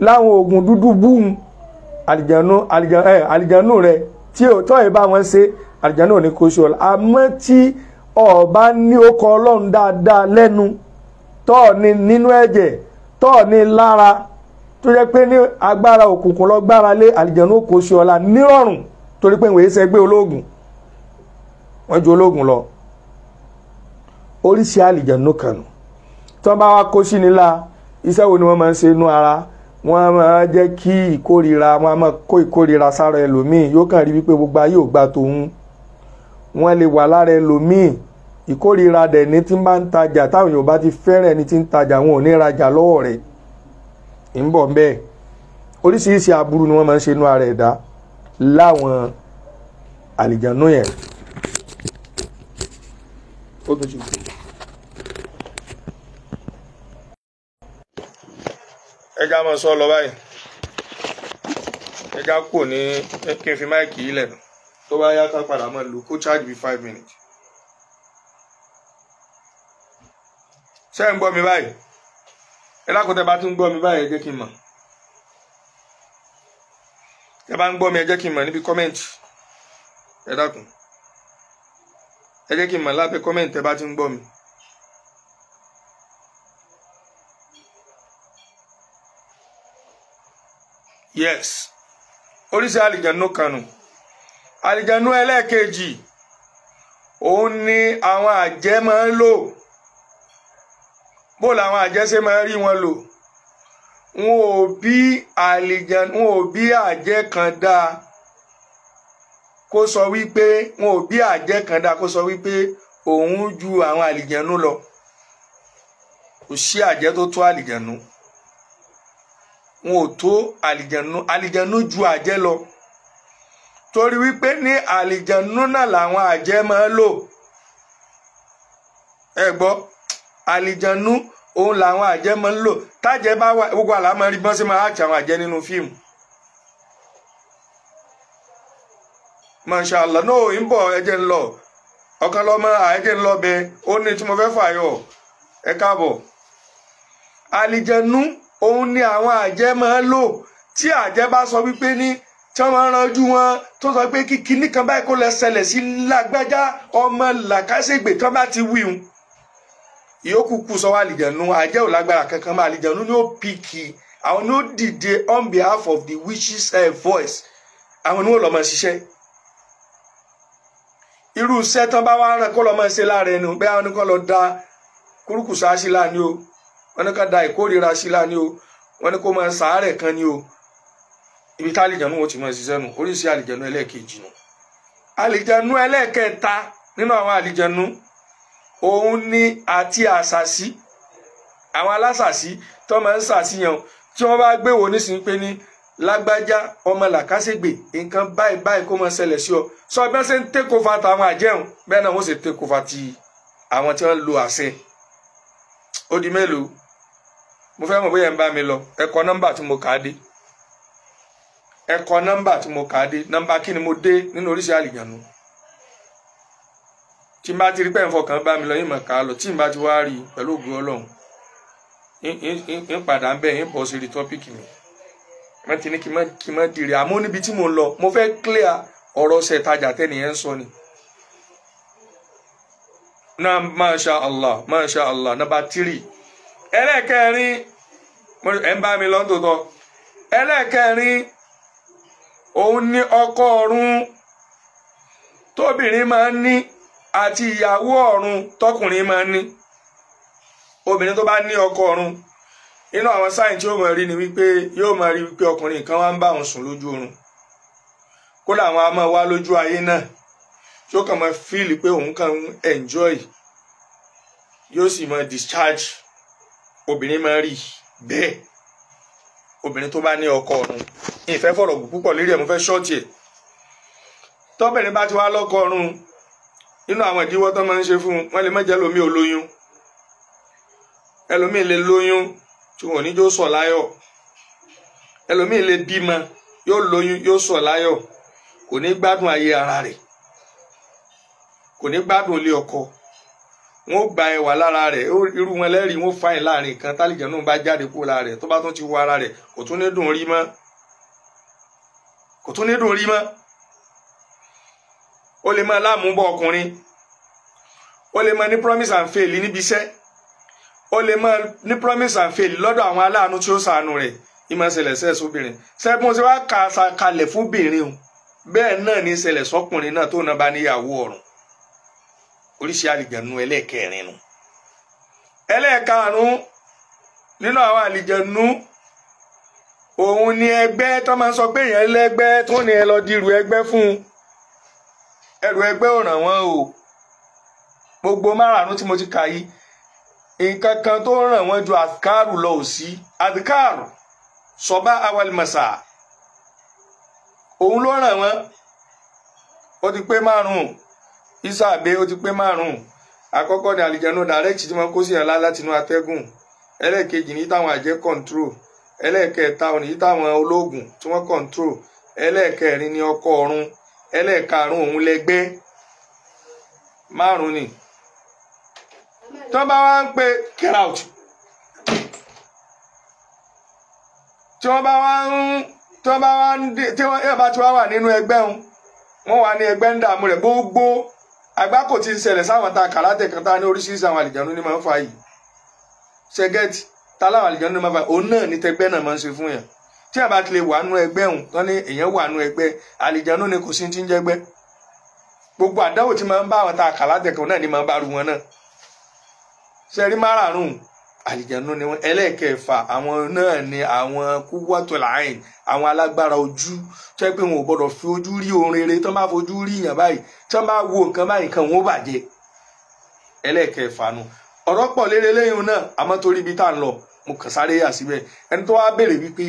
láwọn oògùn dúdú bú àlìjẹ̀nú àlìjẹ̀nú rẹ tí ò tọ́ yẹ bá wọn ṣe àlìjáná ò ní kó ṣe ọ̀la àmọ́ tí ọba ní okọ̀ ọlọ́run dáadáa lẹ́nu tọ́ ni nínú ẹ̀jẹ̀ tọ́ ni lára tó jẹ́ pé ní agbára òkùnkùn lọ gbára lé àlìjáná ò kó ṣe ọ̀la nírọ̀rùn torí pé ìwòye sẹgbẹ́ ológun wọ́n ju ológun lọ oríṣi àlìjáná kanu tí wọ́n bá wá kó sí nílá iṣẹ́ wo ni wọ́n máa ń ṣe inú ara wọ́n máa jẹ́ kí ìkórira wọ́n máa kó ìkórira sára ẹlòmíì yóò kàn rí wípé gbogbo ayé ò gba tòun wọ́n lè wà lára ẹlòmíì ìkórìíra dẹ̀ ní tí ń bá ń tajà táwọn èèyàn bá ti fẹ́ràn ẹni tí ń tajà wọn ò ní rajà lọ́wọ́ rẹ̀ ń bọ̀ bẹ́ẹ̀ oríṣiríṣi aburú ni wọ́n máa ń ṣe inú ara ẹ̀dá láwọn àlìjànú yẹn. ẹja máa sọ ọ lọ báyìí ẹja kò ní kí n fi máìkì yìí lẹ́nu tó bá yá tán padà máa lò kó charge me five minutes. ṣé ń gbọ́ mi báyìí ẹ lákòótẹ́ bá tún gbọ́ mi báyìí ẹ jẹ́ kí n mọ̀ ẹ bá ń gbọ́ mi ẹ jẹ́ kí n mọ̀ níbi kọ́mẹ́ǹtì ẹ dákun ẹ jẹ́ kí n mọ̀ lábẹ́ kọ́mẹ́ǹtì ẹ bá tún gbọ́ mi. yes oríṣi àlìjàn ló kanu. No àlìjẹnú ẹlẹ́ẹ̀kejì òun ni àwọn àjẹ́ máa ń lò bó làwọn àjẹ́ ṣe máa ń rí wọn lò wọn ò bí àlìjẹnú wọn ò bí àjẹ́ kan dáa kó sọ wípé wọn ò bí àjẹ́ kan dáa kó sọ wípé òun ju àwọn àlìjẹnú lọ kò sí àjẹ́ tó tó àlìjẹnú wọn ò tó àlìjẹnú àlìjẹnú ju àjẹ́ lọ. torí wípé ní àlìjànú náà làwọn àjẹ́ máa lò ẹ òun làwọn àjẹ́ máa lò bá wà gbogbo rí bọ́n sí máa àti àwọn nínú fíìmù. náà ń bọ̀ ẹjẹ́ ń lọ ọ̀kan lọ́mọ ń ó ní tí mo fẹ́ ẹ káàbọ̀. òun ni àwọn máa lò tí bá sọ wípé ní tí wọ́n máa ń ranjú wọn tó sọ pé kí kinní kan báyìí kó lè ṣẹlẹ̀ sí lágbájá ọmọ làkàṣègbè tí wọ́n bá ti wí hun ìyókù kù sọ wá àlìjẹ̀nu àjẹ́ ò lágbára kankan máa àlìjẹ̀nu ni ó pìkì àwọn ni ó dìde on behalf of the witches uh, voice àwọn ni wọ́n lọ́ọ́ máa ṣiṣẹ́ irú iṣẹ́ tán bá wá ràn kó lọ́ọ́ máa ṣe láàrin ẹnu bẹ́ẹ̀ wọn ni kó da kúrúkù sáà sí láàánú o wọn ni kó da ìkórira sí láàánú o wọn ni kó máa sàárẹ̀ kan ni o ibi tá àlìjẹ̀nú wọn ti mọ̀ ṣiṣẹ́ nu oríṣi àlìjẹ̀nú ẹlẹ́ẹ̀kejì nu àlìjẹ̀nú ẹlẹ́ẹ̀kẹta nínú àwọn àlìjẹ̀nú òun ni àti àṣàṣì àwọn aláṣàṣì tó máa ń ṣàṣìyàn tí wọ́n bá gbé wò nísìnyí pé ní lágbájá ọmọ làkàṣègbè nǹkan báyìí báyìí kó máa ṣẹlẹ̀ sí ọ sọ bí wọ́n ṣe ń tẹ́kọ̀ọ́fà tàwọn àjẹun bẹ́ẹ̀ náà wọ́n ṣe tẹ́kọ̀ọ́fà ti àwọn tí wọ́n lo àṣẹ ó di mélòó mo fẹ́ mọ̀ bóyá ń bá mi lọ ẹ nọ́mbà tí mo kà á dé 0244 ẹkọ nọmba ti tí mo kà á dé kí ni mo dé nínú oríṣi àlìjànú tí n ti rí pẹ́ kan bá mi lọ yín mọ̀ ká lọ tí n ti wá rí pẹ̀lú ògùn ọlọ́run ń padà ń bẹ̀ ń bọ̀ sí tọ́pìkì mi wọ́n ti ní kí n má àmọ́ níbi tí mo ń lọ mo fẹ́ clear ọ̀rọ̀ ṣe tajà tẹ́nìyẹn ń sọ ni. náà masha allah masha allah tírì ẹ̀ ń bá òun ni ọkọ ọ̀run tóbìnrin máa ń ní àti ìyàwó ọ̀run tọkùnrin máa ń ní obìnrin tó bá ní ọkọ ọ̀run inú àwọn sáyìn tí yóò máa rí ni wípé yóò máa rí wípé ọkùnrin kan wá ń bá òun sùn lójú oorun kódà àwọn a máa wá lójú ayé náà yóò kàn máa fíìlì pé òun kàn ń enjoy yóò sì máa discharge obìnrin máa rí bẹ́ẹ̀ obìnrin tó bá ní ọkọ ọ̀run ìfẹ́ fọ̀rọ̀ gùn púpọ̀ lérí ẹ̀ mo fẹ́ ṣọ́ọ̀tì ẹ̀ tọ́bìnrin bá ti wá lọ́kọ ọ̀run nínú àwọn ìdíwọ́ tó máa ń ṣe fún un wọ́n lè má jẹ́ ẹlòmíì olóyún ẹlòmíì lè lóyún tí wọn ò ní jó sọ̀ láyọ̀ ẹlòmíì lè bímọ yóò lóyún yóò sọ̀ láyọ̀ kò ní gbádùn ayé ara rẹ̀ kò ní gbádùn ilé ọkọ wọn ó gba ẹwà lára rẹ̀ irú wọn lẹ́rìí wọn ó fa ẹ̀ láàrin kan tálíjà náà bá jáde kó lára rẹ̀ tó bá tún ti wọ ara rẹ̀ kò tún ní dùn rí mọ́ kò tún ní dùn rí mọ́ ó lè máa láàmúbọ̀ ọkùnrin ó lè máa ní promise and fail níbi iṣẹ́ ó lè máa ní promise and fail lọ́dọ̀ àwọn aláàánú tí ó sànù rẹ̀ ìmọ̀ ṣẹlẹ̀ sẹ́ẹ̀sì obìnrin sẹ́gun ṣe wá kalẹ̀ fún obìnrin o bẹ́ẹ̀ náà ní ṣẹlẹ̀ sọkùnrin náà tó náà bá níyàwó ọ̀run oríṣi àlìjẹ̀nu ẹlẹ́ẹ̀kẹrin nu ẹlẹ́ẹ̀karùn-ún nínú àwọn àlìjẹ̀nu òun ni ẹgbẹ́ tó máa ń sọ pé èèyàn lẹ́gbẹ́ tó ní ẹ lọ dirù ẹgbẹ́ fún un ẹrù ẹgbẹ́ ò ràn wọ́n o gbogbo márààrún tí mo ti kà yìí nǹkan kan tó ràn wọ́n ju àdìkárù lọ ò sí àdìkárù sọba awalimasa òun ló ràn wọ́n ó ti pé márùn-ún isa abe ó ti pé márùn akọkọ àkọ́kọ́ ni àlìjẹnu direct tí wọ́n kó sí ẹ̀la látinú atẹ́gùn ẹlẹ́ẹ̀kejì ní táwọn àjẹ́ control ẹlẹ́ẹ̀kẹta ní táwọn ológun tí wọ́n control ẹlẹ́ẹ̀kẹrin ní ọkọ ọ̀run ẹlẹ́ẹ̀karùn òun lẹ́gbẹ́ márùn ni tí bá wá ń pe get out tí wọ́n bá wá ń tí wọ́n bá wá ń tí wọ́n bá ti wá wà nínú ẹgbẹ́ wọn wà ní ẹgbẹ́ ń dààmú rẹ̀ gbogbo àgbákò tí ń ṣẹlẹ̀ sáwọn ta kàràtẹ̀ kan tá ní oríṣiríṣi àwọn àlìjánu ní máa ń fa yìí ṣẹgẹ́tì tá láwọn àlìjánu ní máa ń fa òun náà ní tẹgbẹ́ náà máa ń ṣe fún yàn tí a bá ti lè wà nú ẹgbẹ́ òun tán ní èèyàn wà nú ẹgbẹ́ àlìjánu ní kò sí ti ń jẹ́gbẹ́ gbogbo àdáwò tí máa ń bá àwọn ta kàràtẹ̀ kan náà ní máa ń bá ru wọn náà ṣe márààrún àlìjánu ni wọn ẹlẹ́ẹ̀kẹfà àwọn náà ni àwọn kúwàtòláyìn àwọn alágbára ojú tó yẹ pé wọn ò gbọdọ̀ fi ojú rí orin rere tó máa fojú rí yàn báyìí tó máa wo nǹkan báyìí nǹkan wọn ó bàjẹ́ ẹlẹ́ẹ̀kẹfà nu ọ̀rọ̀ pọ̀ lérè lẹ́yìn náà àmọ́ torí ibi tá à ń lọ mo kàn sáré yà síbẹ̀ ẹni tó wá béèrè wípé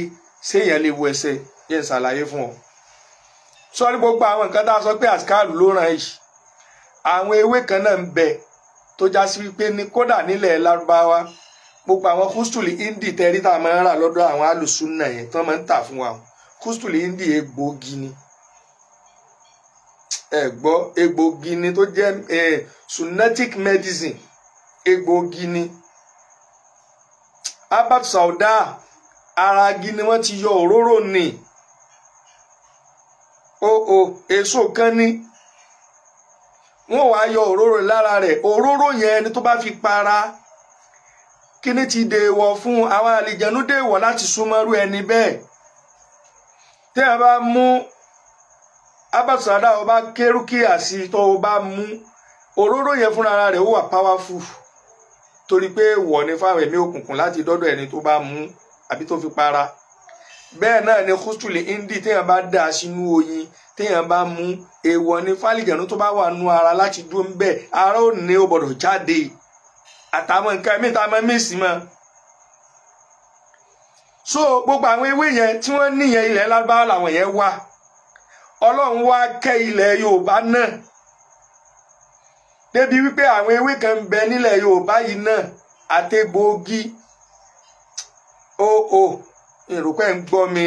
ṣé lè wo ẹsẹ̀ yẹn ṣàlàyé fún ọ sọrí gbogbo àwọn nǹkan tá a sọ pé àsìkáàlù ló ràn yìí àwọn ewé kan náà ń bẹ tó já sí wípé ní kódà nílẹ̀ lárúbáwá gbogbo àwọn kústùlì indi tẹ́rí tá a máa ń rà lọ́dọ̀ àwọn alùsùnà yẹn tán máa ń tà fún wa kústùlì indi egbòogi ni ẹ gbọ́ egbòogi ni tó jẹ́ sunnetic medicine egbòogi ni albert sauda aragi ni wọ́n ti yọ òróró ni o o èso kan ni wọ́n wàá yọ òróró lára rẹ̀ òróró yẹn ni tó bá fi para kíní ti dèèwọ̀ fún àwọn àlìjẹ̀nú dèèwọ̀ láti súnmọ́rú ẹni bẹ́ẹ̀ tí a bá mú abasada ọba kérúkìá sí tó o bá mú òróró yẹn fúnra rẹ̀ ó wà powerful torí pé wọ̀ ni fáwọn ẹ̀mí òkùnkùn láti dọ́dọ̀ ẹni tó bá mú àbí tó fi para bẹ́ẹ̀ náà ni kústùlì indi téèyàn bá dà sínú oyin téèyàn bá mú èèwọ̀ ni fálìjẹ̀nú tó bá wà nú ara láti dún bẹ́ẹ̀ ara ò ní ó gbọ́dọ̀ jáde àtàwọn nǹkan míì tá a máa mísì mọ́ so gbogbo àwọn ewé yẹn tí wọ́n níyẹn ilẹ̀ lábáwá làwọn yẹn wà ọlọ́run wá kẹ́ ilẹ̀ yorùbá náà débi wípé àwọn ewé kan ń bẹ nílẹ̀ yorùbá yìí náà àtẹgbòogi oo ìrùpẹ́ ń gbọ́ mi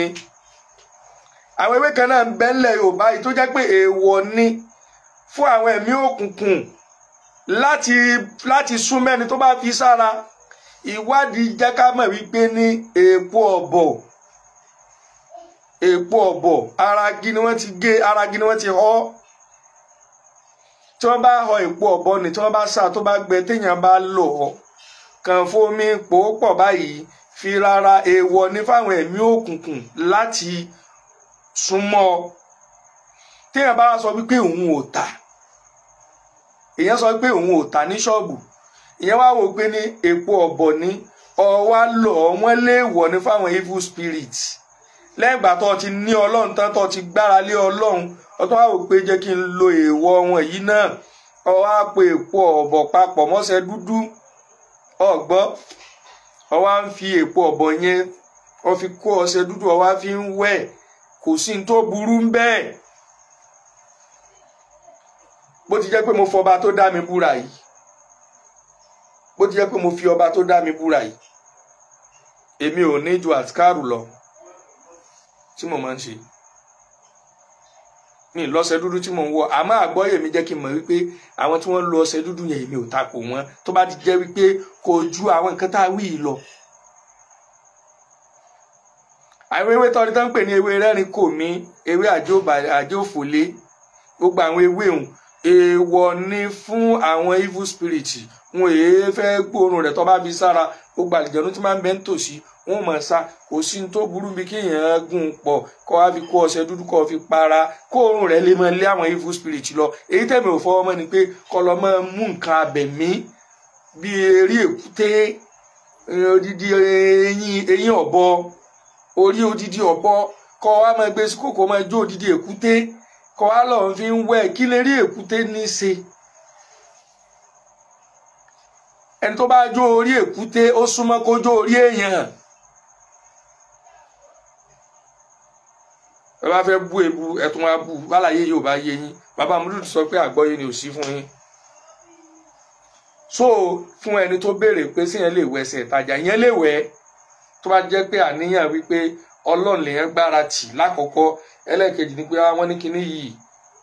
àwọn ewé kan náà ń bẹ nílẹ̀ yorùbá yìí tó jẹ́ pé èèwọ̀ ni fún àwọn ẹ̀mí òkùnkùn láti láti sún mẹ́ni tó bá fi sára ìwádìí jẹ́ ká mọ̀ wípé ní èpo ọ̀bọ̀ èpo ọ̀bọ̀ aragi ni wọ́n ti gé aragi ni wọ́n ti họ tí wọ́n bá họ èpo ọ̀bọ̀ ni tí wọ́n bá sá tó bá gbẹ téèyàn bá lò ó kàn fomi pò pọ̀ báyìí fi rárá èèwọ̀ ní fáwọn ẹ̀mí òkùnkùn láti súnmọ́ téèyàn bá sọ wípé òun ò tà ìyẹn sọ pé òun ò ta ní ṣọ́ọ̀bù ìyẹn wá wò pé ní epo ọ̀bọ ni ọwá lọ wọ́n léèwọ̀ ní fáwọn evil spirit lẹ́yìn ìgbà tó ti ní ọlọ́run tán tó ti gbára lé ọlọ́run ọtọ́ wá wò pé jẹ́ kí n lo èèwọ̀ wọn yìí náà ọwá pe epo ọ̀bọ papọ̀ mọ́sẹ̀ dúdú ọ̀gbọ́ ọwá ń fi epo ọ̀bọ yẹn ó fi kó ọṣẹ dúdú ọwá fi ń wẹ̀ kò sí ní tó burú ń bẹ́ẹ̀ bó ti jẹ́ pé mo fọba tó dá mi búra yìí bó ti jẹ́ pé mo fi ọba tó dá mi búra yìí èmi ò ní ju àtikáàrù lọ tí mo máa ń ṣe mi lọ́ṣẹ dúdú tí mo ń wọ àmọ́ àgbọ́yé mi jẹ́ kí n mọ̀ wípé àwọn tí wọ́n lo ọṣẹ dúdú yẹn èmi ò takò wọn tó bá ti jẹ́ wípé kò ju àwọn nǹkan tá a wí yìí lọ. àwọn ewé tọ́ni tó ń pè ní ewé rẹ́rìn-ín kò mí ewé àjòfòlé gbogbo àwọn ewé òun èèwọ̀ ni fún àwọn evil spirit wọn èé fẹ́ gbóòórùn rẹ̀ tó bá bi sára gbogbo àlìjẹ̀nu tí máa ń bẹ ń tòsí wọn mọ̀ sá kò sí ní tó burú bí kéèyàn gùn pọ̀ kó wá fi kó ọṣẹ dúdú kó fi para kó òórùn rẹ̀ lè máa lé àwọn evil spirit lọ èyí tẹ̀mí ò fọwọ́ mọ́ ni pé kó lọ máa mú nǹkan abẹ̀mí bí eré èkúté odidi eyín eyín ọ̀bọ orí odidi ọ̀bọ kó wá máa gbé sí kòkó máa jó odidi èkúté kọ́ wa lọ́n fi ń wẹ̀ kí lè rí èkúté ní í ṣe ẹni tó bá jó orí èkúté ó súnmọ́ kó jó orí èèyàn ẹ bá fẹ́ bú ebu ẹ̀tún wa bú bálàyé yóò bá yé yín bàbá amúlùdù sọ pé àgbọ́yé ni ò sí fún yín so fún ẹni tó béèrè pé síyẹn lè wẹ̀ ẹsẹ̀ ìtajà ìyẹn lè wẹ̀ tó bá jẹ́ pé àníyàn wípé ọlọ́run lèèyàn gbára tì lákọ̀ọ́kọ́ ẹlẹ́ẹ̀kejì ni pé ah, wọ́n ní kinní yìí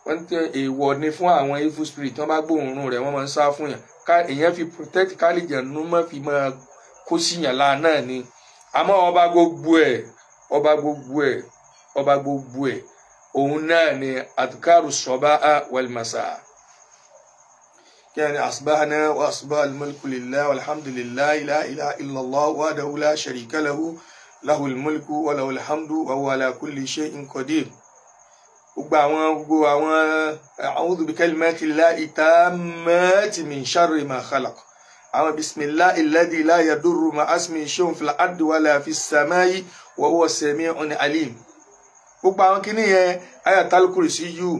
wọ́n tẹ èèwọ̀ ni fún àwọn evil spirit tí wọ́n bá gbóòórùn rẹ̀ wọ́n máa ń sá fún yàn ká èèyàn fi protect kálíjà nínú mọ́ fi máa kó síyàn láà náà ni àmọ́ ọba gbogbo ẹ̀ ọba gbogbo ẹ̀ ọba gbogbo ẹ̀ òun náà ni adkaru sọba a wàlmasa kíni asibahana wa asibah alimulkulillah alhamdulillah ilaha illallah wa adawula sharikalahu lahul mulku wa lahul hamdu wa huwa ala kulli shay'in qadir gbogbo àwọn gbogbo àwọn a'udhu bi kalimatillahi tammati min sharri ma khalaq àwọn bisimilahi alladhi la yadurru ma asmi shay'un fil ardi wala fis samai wa huwa sami'un alim gbogbo àwọn kìíní yẹn ayatul kursi yù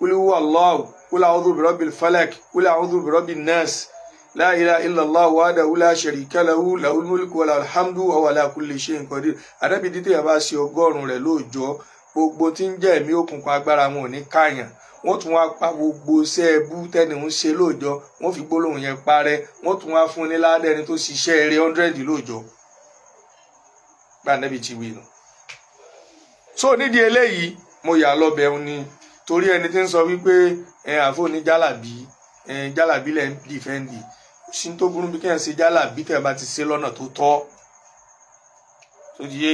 kúlíwọ̀ allah kúlíwọ̀ a'udhu bi rabbil falak kúlíwọ̀ a'udhu bi لا إله إلا الله وحده لا شريك له له الملك وله الحمد وهو على كل شيء قدير Ànábì dídé yẹn bá ṣe ọgọ́rùn-ún rẹ̀ lóòjọ́ gbogbo tí ń jẹ́ ẹ̀mí òkùnkùn agbára wọn ò ní káyàn wọ́n tún wá pa gbogbo iṣẹ́ ẹbú tẹ́ni ń ṣe lóòjọ́ wọ́n fi gbólóhùn yẹn parẹ́ wọ́n tún wá fún ní ládẹ́ni tó ṣiṣẹ́ eré hundred lóòjọ́ gba Ànábì ti wí nù. so nídìí eléyìí mo yà lọ́bẹ̀ òun ni torí ẹni tí ń sọ wípé ẹ̀ àfọ̀ ní jálàbí ń dìfẹ́ǹdì sí tó burú bí kẹ́hìn ṣe jálà bí tẹ̀ bá ti ṣe lọ́nà tó tọ́ tó di yé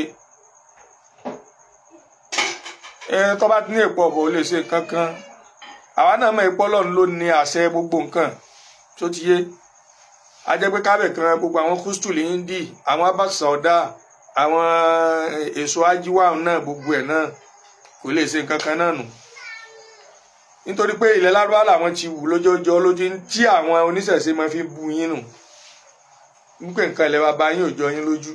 ẹ tó bá ní èpò ọ̀bọ̀ ò lè ṣe kankan àwa náà mọ̀ èpò ọlọ́run ló ní àṣẹ gbogbo nǹkan tó ti yé ajẹ́pẹ́ kábẹ̀ kan gbogbo àwọn kústùlì hindi àwọn abáṣà ọ̀dà àwọn eh, èso ajíwá náà gbogbo ẹ̀ náà kò lè ṣe kankan náà nù. No nítorí pé ilẹ̀ lárúbá làwọn ti wù lójoojọ́ lójú tí àwọn oníṣẹ̀ṣe máa fi bu yín nù wípé nǹkan ilẹ̀ bàbá yín ò jọ yín lójú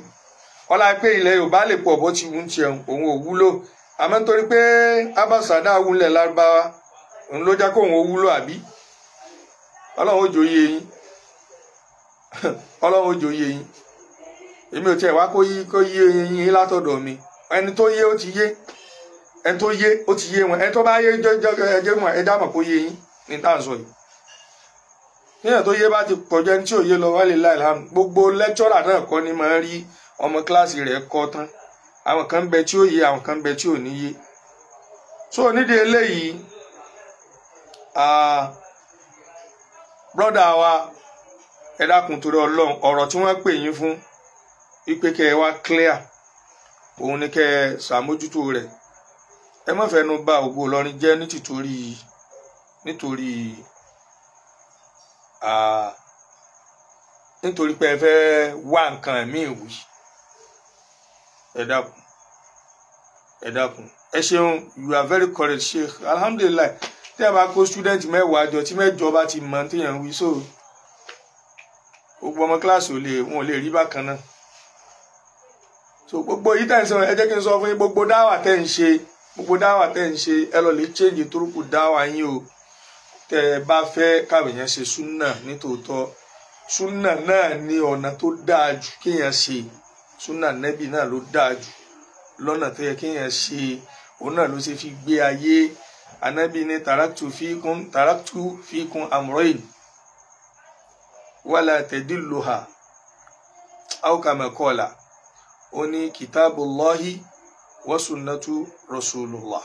ọlá pé ilẹ̀ Yorùbá lè pọ̀ bó ti wù ń tiẹ̀ òun ò wúlò àmọ́ nítorí pé abasada wulẹ̀ lárúbáwá òun ló já kóun ó wúlò àbí ọlọ́run ó jòyè yín ọlọ́run ó jòyè yín èmi ò tiẹ̀ wá kó yí kó yí yín látọ̀dọ̀ mi ẹni tó yé ó ti yé ẹni tó yé ó ti yé wọn ẹni tó bá yé jẹjẹ wọn ẹ dá mọ̀ kó yé yín ní tá à ń sọ yìí níyàn tó yé bá ti pọ̀jù ẹni tí ò yé lọ gbogbo lẹ́kítọ́rà náà kọ́ ni máa rí ọmọ kíláàsì rẹ̀ kọ́ tán àwọn kan bẹ tí ó yé àwọn kan bẹ tí ò ní yé so nídìí eléyìí wa ẹ dákun torí ọlọ́run ọ̀rọ̀ tí wọ́n pè fún wípé kẹ́ ẹ wá clear òun ni kẹ́ ẹ ṣàmójútó ẹ má fẹnu bà Ògo Ìlọrin jẹ́ nítorí nítorí nítorí pé ẹ fẹ́ wá nǹkan míì wí ẹ dákun ẹ dákun ẹ ṣeun you are very correct sheikh alhamdulilayi tí a bá kó student mẹ́wàá jọ tí mẹ́jọ bá ti mọ̀ téèyàn wí so gbogbo ọmọ kíláàsì ò lè wọn ò lè rí bákan náà so gbogbo yìí tẹ̀ ń sọ ẹ jẹ́ kí n sọ fún yín gbogbo dáwà tẹ̀ ń ṣe gbogbo dáwà tẹ́ ń ṣe ẹ lọ lè change torúkù dáwà yín o tẹ́ ẹ bá fẹ́ káwéèyàn ṣe súnà nítòótọ́ súnà náà ní ọ̀nà tó dáa jù kéèyàn ṣe súnà nẹ́bì náà ló dáa jù lọ́nà tó yẹ kéèyàn ṣe òun náà ló ṣe fi gbé ayé anabi ní taraktu fíkún taraktu fíkún amroin wàlà tẹ̀dílùhà aw kama qala ó ní kìtàbùllàhi wa sunnatu rasulullah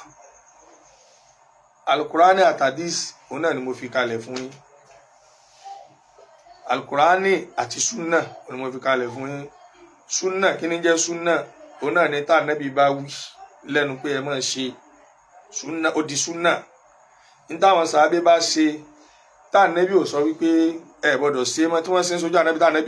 alukurani atadis òun náà ni mo fi kalẹ̀ fún yín alukurani àti sunna òun ni mo fi kalẹ̀ fún yín sunna kí ni jẹ́ sunna òun ni tá ànábì bá wí lẹ́nu pé ẹ máa ṣe sunna ó di sunna ní táwọn sàábé bá ṣe tá ànábì ò sọ wípé ẹ gbọ́dọ̀ ṣe é mọ́ tí ṣe ń sojú ànábì tá ànábì.